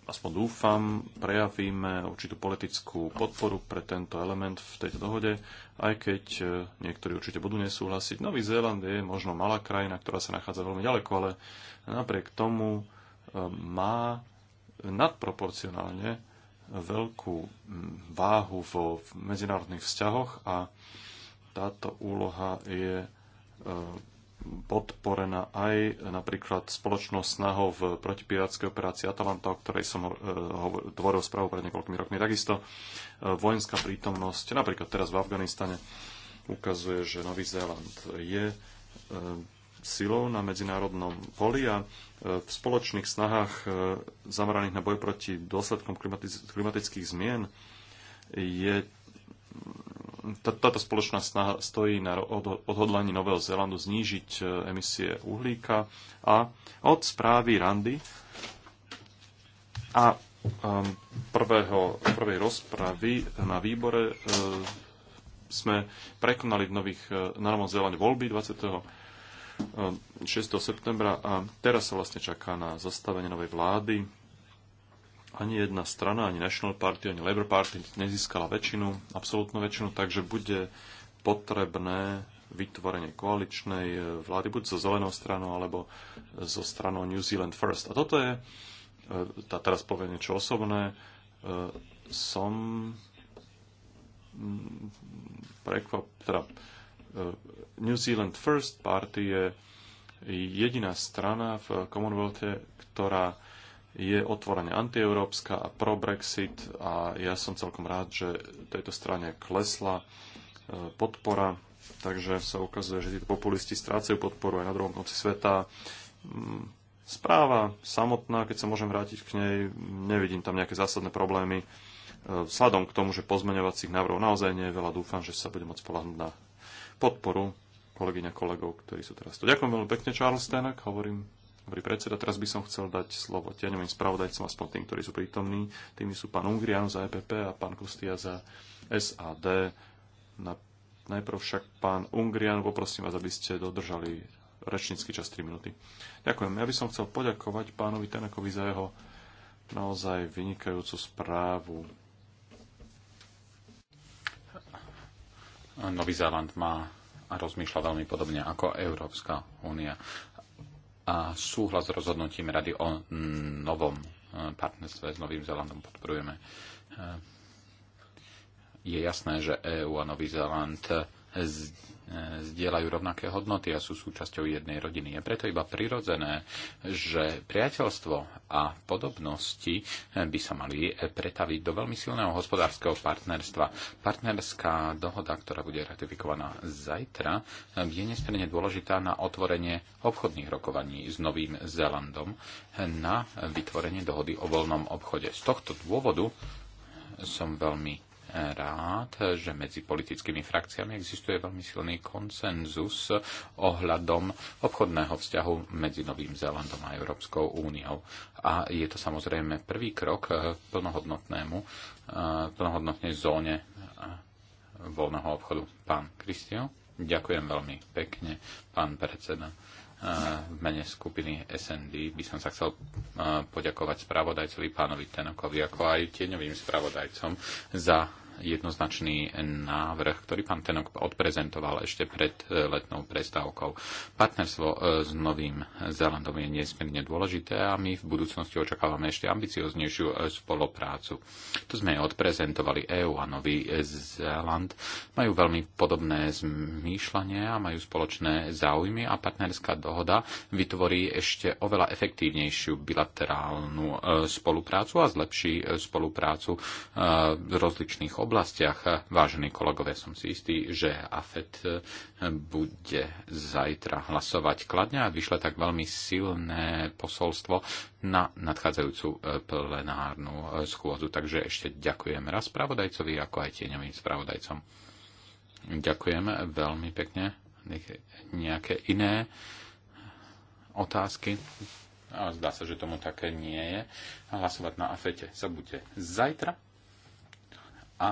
aspoň dúfam, prejavíme určitú politickú podporu pre tento element v tejto dohode, aj keď e, niektorí určite budú nesúhlasiť. Nový Zéland je možno malá krajina, ktorá sa nachádza veľmi ďaleko, ale napriek tomu e, má nadproporcionálne veľkú váhu vo medzinárodných vzťahoch a táto úloha je e, podporená aj napríklad spoločnou snahou v protipirátskej operácii Atalanta, o ktorej som eh, tvoril správu pred niekoľkými rokmi. Takisto eh, vojenská prítomnosť, napríklad teraz v Afganistane, ukazuje, že Nový Zéland je eh, silou na medzinárodnom poli a v spoločných snahách zameraných na boj proti dôsledkom klimatických zmien je táto spoločná snaha stojí na odhodlaní Nového Zélandu znížiť e, emisie uhlíka a od správy Randy a um, prvého, prvej rozpravy na výbore e, sme prekonali v nových, e, na Novom Zélande voľby 20. 6. septembra a teraz sa vlastne čaká na zastavenie novej vlády ani jedna strana, ani National Party, ani Labour Party nezískala väčšinu, absolútnu väčšinu, takže bude potrebné vytvorenie koaličnej e, vlády, buď so zelenou stranou, alebo so stranou New Zealand First. A toto je, e, tá teraz poviem niečo osobné, e, som mm, prekvap, teda New Zealand First Party je jediná strana v Commonwealthe, ktorá je otvorene antieurópska a pro-Brexit a ja som celkom rád, že tejto strane klesla e, podpora, takže sa ukazuje, že títo populisti strácajú podporu aj na druhom konci sveta. Mm, správa samotná, keď sa môžem vrátiť k nej, nevidím tam nejaké zásadné problémy. E, vzhľadom k tomu, že pozmeňovacích návrhov naozaj nie je veľa, dúfam, že sa bude môcť spolahnúť na podporu kolegyň a kolegov, ktorí sú teraz tu. Ďakujem veľmi pekne, Charles Stenak, hovorím Dobrý predseda, teraz by som chcel dať slovo tieňovým spravodajcom, aspoň tým, ktorí sú prítomní. Tými sú pán Ungrian za EPP a pán Kustia za SAD. Na, najprv však pán Ungrian, poprosím vás, aby ste dodržali rečnícky čas 3 minúty. Ďakujem. Ja by som chcel poďakovať pánovi Tenakovi za jeho naozaj vynikajúcu správu. Nový Zéland má a rozmýšľa veľmi podobne ako Európska únia a súhlas s rozhodnutím rady o novom e, partnerstve s Novým Zelandom podporujeme. E, je jasné, že EÚ a Nový Zeland zdieľajú rovnaké hodnoty a sú súčasťou jednej rodiny. Je preto iba prirodzené, že priateľstvo a podobnosti by sa mali pretaviť do veľmi silného hospodárskeho partnerstva. Partnerská dohoda, ktorá bude ratifikovaná zajtra, je nesmierne dôležitá na otvorenie obchodných rokovaní s Novým Zélandom na vytvorenie dohody o voľnom obchode. Z tohto dôvodu som veľmi rád, že medzi politickými frakciami existuje veľmi silný konsenzus ohľadom obchodného vzťahu medzi Novým Zélandom a Európskou úniou. A je to samozrejme prvý krok k plnohodnotnému, eh, plnohodnotnej zóne eh, voľného obchodu. Pán Kristio, ďakujem veľmi pekne, pán predseda eh, v mene skupiny SND by som sa chcel poďakovať spravodajcovi pánovi Tenokovi, ako aj tieňovým spravodajcom za jednoznačný návrh, ktorý pán Tenok odprezentoval ešte pred e, letnou prestávkou. Partnerstvo e, s Novým Zélandom je nesmierne dôležité a my v budúcnosti očakávame ešte ambicioznejšiu e, spoluprácu. To sme odprezentovali EÚ a Nový Zéland. Majú veľmi podobné zmýšľanie a majú spoločné záujmy a partnerská dohoda vytvorí ešte oveľa efektívnejšiu bilaterálnu spoluprácu a zlepší spoluprácu rozličných oblastí oblastiach. Vážení kolegové, som si istý, že AFET bude zajtra hlasovať kladne a vyšle tak veľmi silné posolstvo na nadchádzajúcu e, plenárnu e, schôdzu. Takže ešte ďakujem raz spravodajcovi, ako aj tieňovým spravodajcom. Ďakujem veľmi pekne. Nejaké iné otázky? A zdá sa, že tomu také nie je. Hlasovať na afete sa bude zajtra a,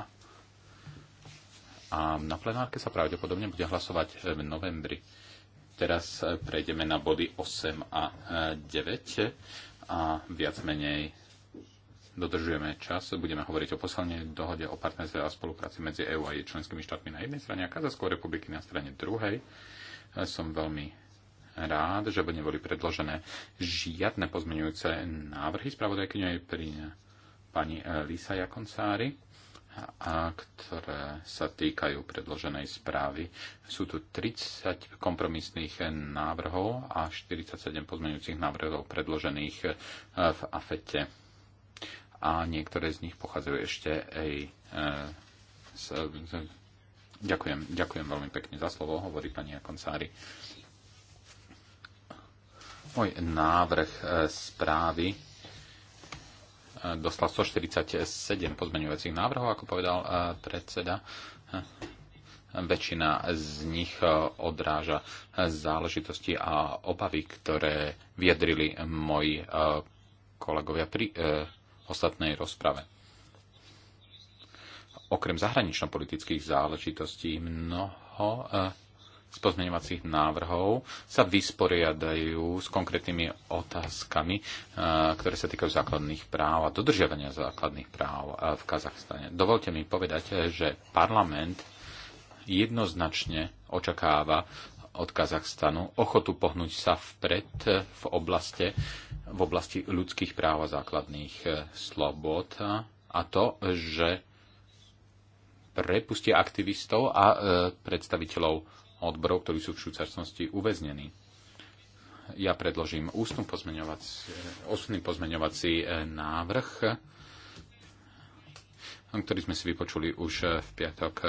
a na plenárke sa pravdepodobne bude hlasovať v novembri. Teraz eh, prejdeme na body 8 a 9 eh, a viac menej dodržujeme čas. Budeme hovoriť o poslednej dohode o partnerstve a spolupráci medzi EÚ a jej členskými štátmi na jednej strane a Kazachskou republiky na strane druhej. Eh, som veľmi rád, že by neboli predložené žiadne pozmenujúce návrhy. Spravodajkyňou pri pani Lisa Jakoncári a ktoré sa týkajú predloženej správy. Sú tu 30 kompromisných návrhov a 47 pozmeňujúcich návrhov predložených e, v AFETE. A niektoré z nich pochádzajú ešte aj e, z... Ďakujem, ďakujem veľmi pekne za slovo, hovorí pani Akoncári. Môj návrh e, správy dostal 147 pozmeňujúcich návrhov, ako povedal eh, predseda. Eh, väčšina z nich eh, odráža záležitosti a obavy, ktoré vyjadrili moji kolegovia pri ostatnej rozprave. Okrem zahranično-politických záležitostí mnoho z pozmeňovacích návrhov sa vysporiadajú s konkrétnymi otázkami, eh, ktoré sa týkajú základných práv a dodržiavania základných práv eh, v Kazachstane. Dovolte mi povedať, že parlament jednoznačne očakáva od Kazachstanu ochotu pohnúť sa vpred eh, v, oblasti, v oblasti ľudských práv a základných slobod a to, že prepustia aktivistov a predstaviteľov odborov, ktorí sú v súčasnosti uväznení. Ja predložím ústny pozmeňovací, ústny pozmeňovací e, návrh, ktorý sme si vypočuli už e, v piatok, e,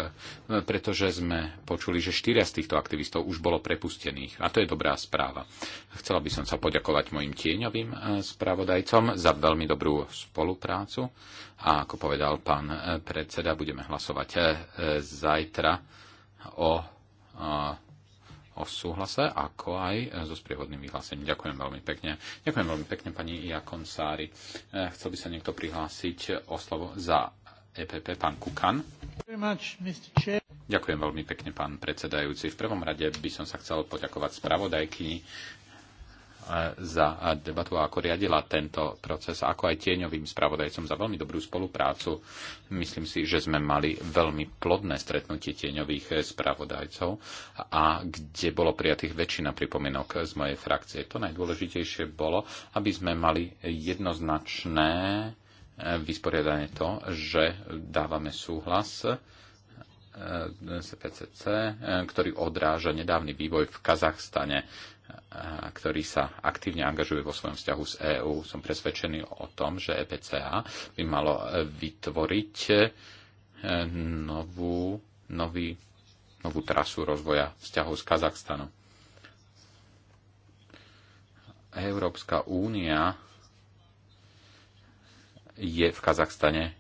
pretože sme počuli, že štyria z týchto aktivistov už bolo prepustených. A to je dobrá správa. Chcela by som sa poďakovať mojim tieňovým spravodajcom za veľmi dobrú spoluprácu. A ako povedal pán predseda, budeme hlasovať zajtra o o súhlase, ako aj so sprievodným vyhlásením. Ďakujem veľmi pekne. Ďakujem veľmi pekne, pani Sári. E, chcel by sa niekto prihlásiť o slovo za EPP, pán Kukan. Ďakujem veľmi pekne, pán predsedajúci. V prvom rade by som sa chcel poďakovať spravodajky za debatu, ako riadila tento proces, ako aj tieňovým spravodajcom za veľmi dobrú spoluprácu. Myslím si, že sme mali veľmi plodné stretnutie tieňových spravodajcov a kde bolo prijatých väčšina pripomienok z mojej frakcie. To najdôležitejšie bolo, aby sme mali jednoznačné eh, vysporiadanie to, že dávame súhlas SPCC, ktorý odráža nedávny vývoj v Kazachstane, ktorý sa aktívne angažuje vo svojom vzťahu s EÚ. Som presvedčený o tom, že EPCA by malo e, vytvoriť e, novú, nový, novú trasu rozvoja vzťahov s Kazachstanom. Európska únia je v Kazachstane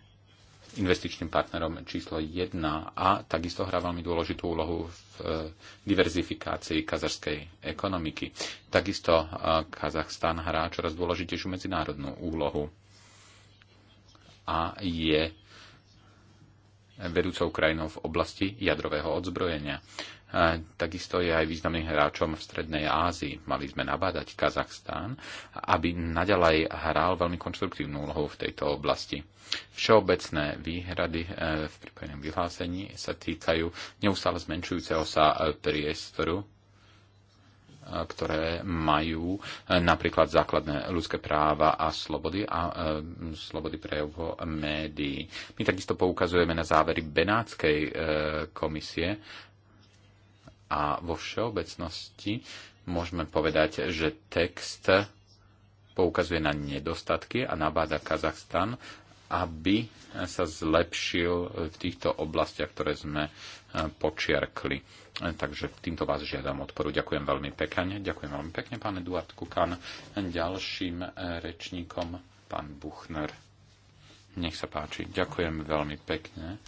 investičným partnerom číslo 1 a takisto hrá veľmi dôležitú úlohu v eh, diverzifikácii kazachskej ekonomiky. Takisto eh, Kazachstan hrá čoraz dôležitejšiu medzinárodnú úlohu a je vedúcou krajinou v oblasti jadrového odzbrojenia takisto je aj významným hráčom v Strednej Ázii. Mali sme nabádať Kazachstán, aby naďalej hral veľmi konštruktívnu úlohu v tejto oblasti. Všeobecné výhrady e, v prípadnom vyhlásení sa týkajú neustále zmenšujúceho sa e, priestoru e, ktoré majú napríklad základné ľudské práva a slobody a e, slobody prejavu médií. My takisto poukazujeme na závery Benátskej e, komisie, a vo všeobecnosti môžeme povedať, že text poukazuje na nedostatky a nabáda Kazachstan, aby sa zlepšil v týchto oblastiach, ktoré sme e, počiarkli. Takže týmto vás žiadam odporu. Ďakujem veľmi pekne. Ďakujem veľmi pekne, pán Eduard Kukan. Ďalším e, rečníkom, pán Buchner. Nech sa páči. Ďakujem veľmi pekne.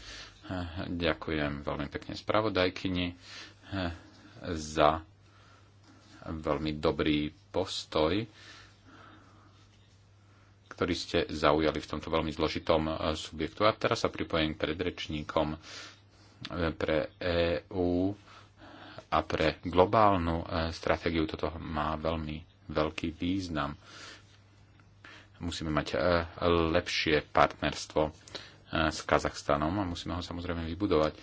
E, ďakujem veľmi pekne spravodajkyni za veľmi dobrý postoj, ktorý ste zaujali v tomto veľmi zložitom eh, subjektu. A teraz sa pripojím k predrečníkom eh, pre EÚ a pre globálnu eh, stratégiu. Toto má veľmi veľký význam. Musíme mať lepšie partnerstvo s Kazachstanom a musíme ho samozrejme vybudovať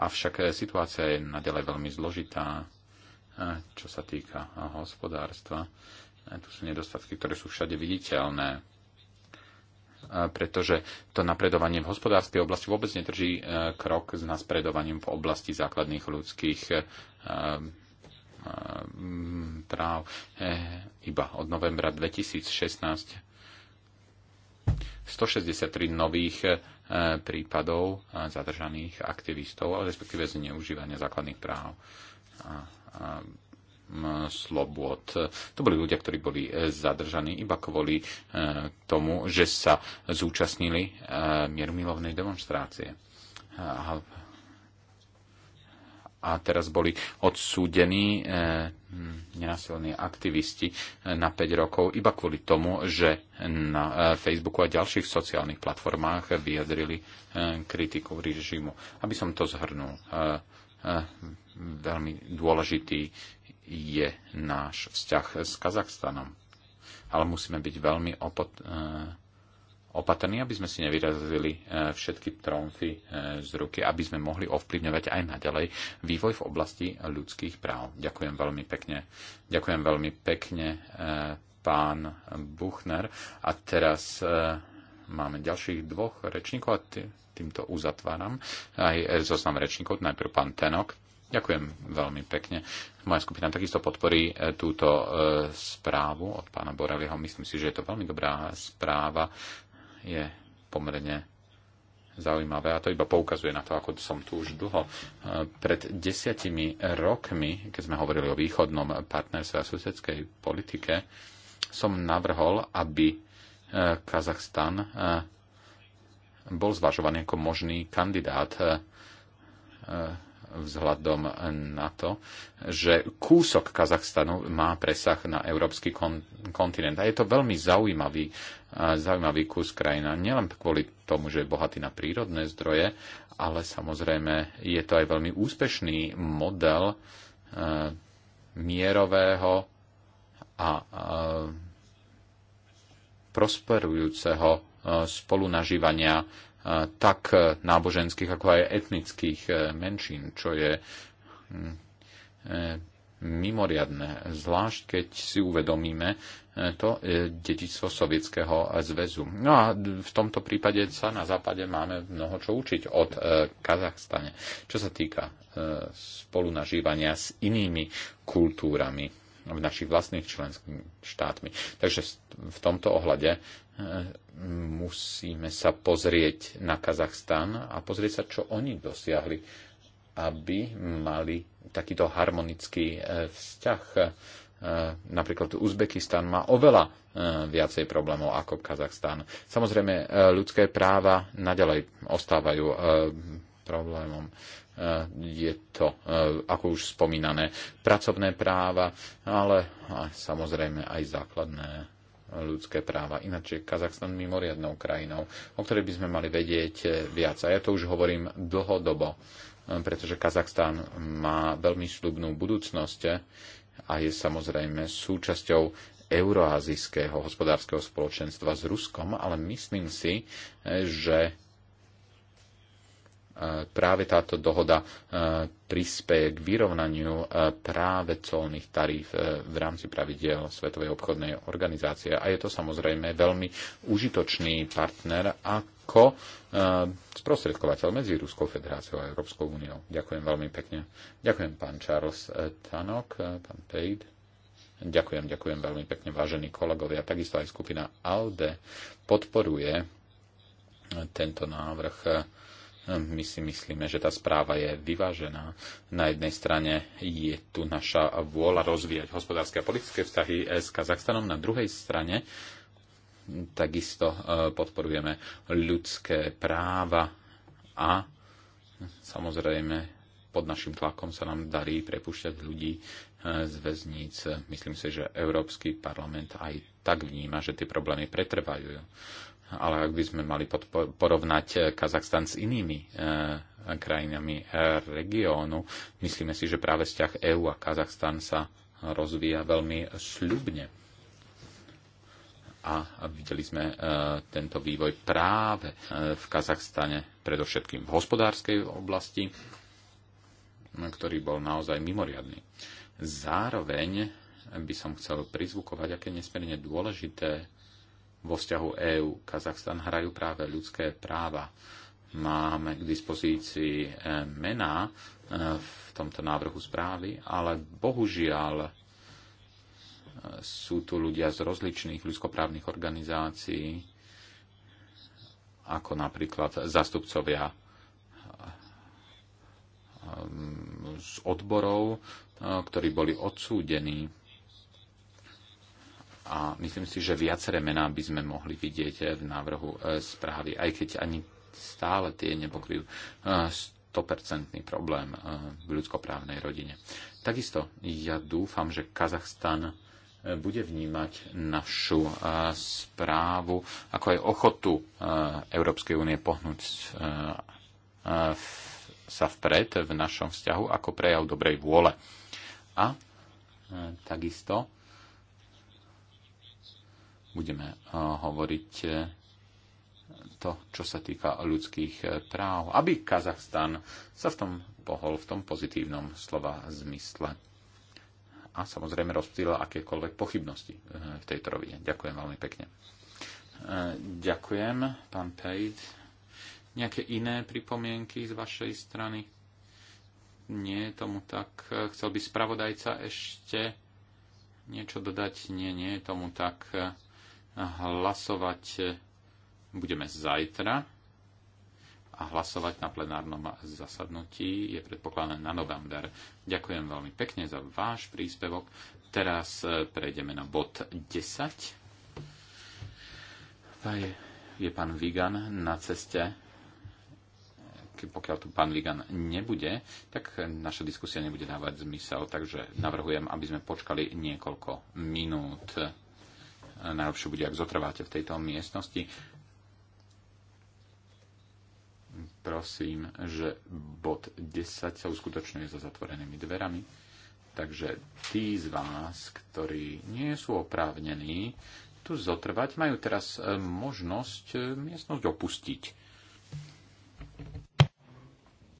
Avšak e, situácia je nadalej veľmi zložitá, e, čo sa týka e, hospodárstva. Tu sú nedostatky, ktoré sú všade viditeľné pretože to napredovanie v hospodárskej oblasti vôbec nedrží krok s naspredovaním v oblasti základných ľudských práv. Iba od novembra 2016 163 nových prípadov zadržaných aktivistov, ale respektíve zneužívania základných práv a, a slobôd. To boli ľudia, ktorí boli e, zadržaní iba kvôli e, tomu, že sa zúčastnili e, mierumilovnej demonstrácie. A a teraz boli odsúdení eh, nenasilní aktivisti eh, na 5 rokov iba kvôli tomu, že na eh, Facebooku a ďalších sociálnych platformách vyjadrili kritiku režimu. Aby som to zhrnul, veľmi dôležitý je náš vzťah s Kazachstanom. Ale musíme byť veľmi opot- opatrní, aby sme si nevyrazili e, všetky tromfy e, z ruky, aby sme mohli ovplyvňovať aj naďalej vývoj v oblasti ľudských práv. Ďakujem veľmi pekne. Ďakujem veľmi pekne, e, pán Buchner. A teraz máme ďalších dvoch rečníkov a týmto uzatváram aj zoznam rečníkov. Najprv pán Tenok. Ďakujem veľmi pekne. Moja skupina takisto podporí túto správu od pána Boreliho. Myslím si, že je to veľmi dobrá správa je pomerne zaujímavé a to iba poukazuje na to, ako som tu už dlho. Pred desiatimi rokmi, keď sme hovorili o východnom partnerstve a susedskej politike, som navrhol, aby e, Kazachstan e, bol zvažovaný ako možný kandidát e, vzhľadom na to, že kúsok Kazachstanu má presah na európsky kon- kontinent. A je to veľmi zaujímavý, zaujímavý kus krajina. Nielen kvôli tomu, že je bohatý na prírodné zdroje, ale samozrejme je to aj veľmi úspešný model mierového a prosperujúceho spolunažívania tak e, náboženských, ako aj etnických e, menšín, čo je mm, e, mimoriadne, zvlášť keď si uvedomíme to detičstvo Sovietskeho zväzu. No a v tomto prípade sa na západe máme mnoho čo učiť od Kazachstane, čo sa týka spolunažívania s inými kultúrami v našich vlastných členskými štátmi. Takže v tomto ohľade musíme sa pozrieť na Kazachstan a pozrieť sa, čo oni dosiahli, aby mali takýto harmonický e, vzťah. E, napríklad Uzbekistan má oveľa e, viacej problémov ako Kazachstan. Samozrejme, ľudské práva naďalej ostávajú problémom. Je to, ako už spomínané, pracovné práva, ale samozrejme aj základné ľudské práva. Ináč je Kazachstan mimoriadnou krajinou, o ktorej by sme mali vedieť eh, viac. A ja to už hovorím dlhodobo, hm, pretože Kazachstan má veľmi slubnú budúcnosť eh, a je samozrejme súčasťou euroazijského hospodárskeho spoločenstva s Ruskom, ale myslím si, eh, že práve táto dohoda e, prispieje k vyrovnaniu e, práve colných taríf e, v rámci pravidel Svetovej obchodnej organizácie. A je to samozrejme veľmi užitočný partner ako sprostredkovateľ medzi Ruskou federáciou a Európskou úniou. Ďakujem veľmi pekne. Ďakujem pán Charles Tanok, pán Pejd. Ďakujem, ďakujem veľmi pekne, vážení kolegovia. Takisto aj skupina ALDE podporuje tento návrh my si myslíme, že tá správa je vyvážená. Na jednej strane je tu naša vôľa rozvíjať hospodárske a politické vzťahy s Kazachstanom, na druhej strane takisto e, podporujeme ľudské práva a samozrejme pod našim tlakom sa nám darí prepušťať ľudí e, z väzníc. Myslím si, že Európsky parlament aj tak vníma, že tie problémy pretrvajú ale ak by sme mali porovnať eh, Kazachstan s inými eh, krajinami eh, regiónu, myslíme si, že práve vzťah EÚ a Kazachstan sa rozvíja veľmi sľubne. A videli sme tento vývoj práve v Kazachstane, predovšetkým v hospodárskej oblasti, ktorý bol naozaj mimoriadný. Zároveň by som chcel prizvukovať, aké nesmierne dôležité vo vzťahu EÚ. Kazachstan hrajú práve ľudské práva. Máme k dispozícii e, mená e, v tomto návrhu správy, ale bohužiaľ e, sú tu ľudia z rozličných ľudskoprávnych organizácií, ako napríklad zastupcovia z odborov, ktorí boli odsúdení a myslím si, že viaceré mená by sme mohli vidieť eh, v návrhu eh, správy, aj keď ani stále tie nepokryjú 100% eh, problém v ľudskoprávnej rodine. Takisto ja dúfam, že Kazachstan bude vnímať našu správu ako aj ochotu Európskej únie pohnúť sa vpred v našom vzťahu ako prejav dobrej vôle. A takisto budeme eh, hovoriť eh, to, čo sa týka ľudských eh, práv, aby Kazachstan sa v tom pohol v tom pozitívnom slova zmysle a samozrejme rozptýlil akékoľvek pochybnosti v tejto rovine. Ďakujem veľmi pekne. Ďakujem, pán Pejt. Nejaké iné pripomienky z vašej strany? Nie je tomu tak. Chcel by spravodajca ešte niečo dodať? Nie, nie je tomu tak. Hlasovať e, budeme zajtra a hlasovať na plenárnom zasadnutí je predpokladané na november. Ďakujem veľmi pekne za váš príspevok. Teraz e, prejdeme na bod 10. Je pán Vigan na ceste pokiaľ tu pán Vigan nebude, tak naša diskusia nebude dávať zmysel. Takže navrhujem, aby sme počkali niekoľko minút najlepšie bude, ak zotrváte v tejto miestnosti. Prosím, že bod 10 sa uskutočňuje za zatvorenými dverami. Takže tí z vás, ktorí nie sú oprávnení tu zotrvať, majú teraz e, možnosť e, miestnosť opustiť.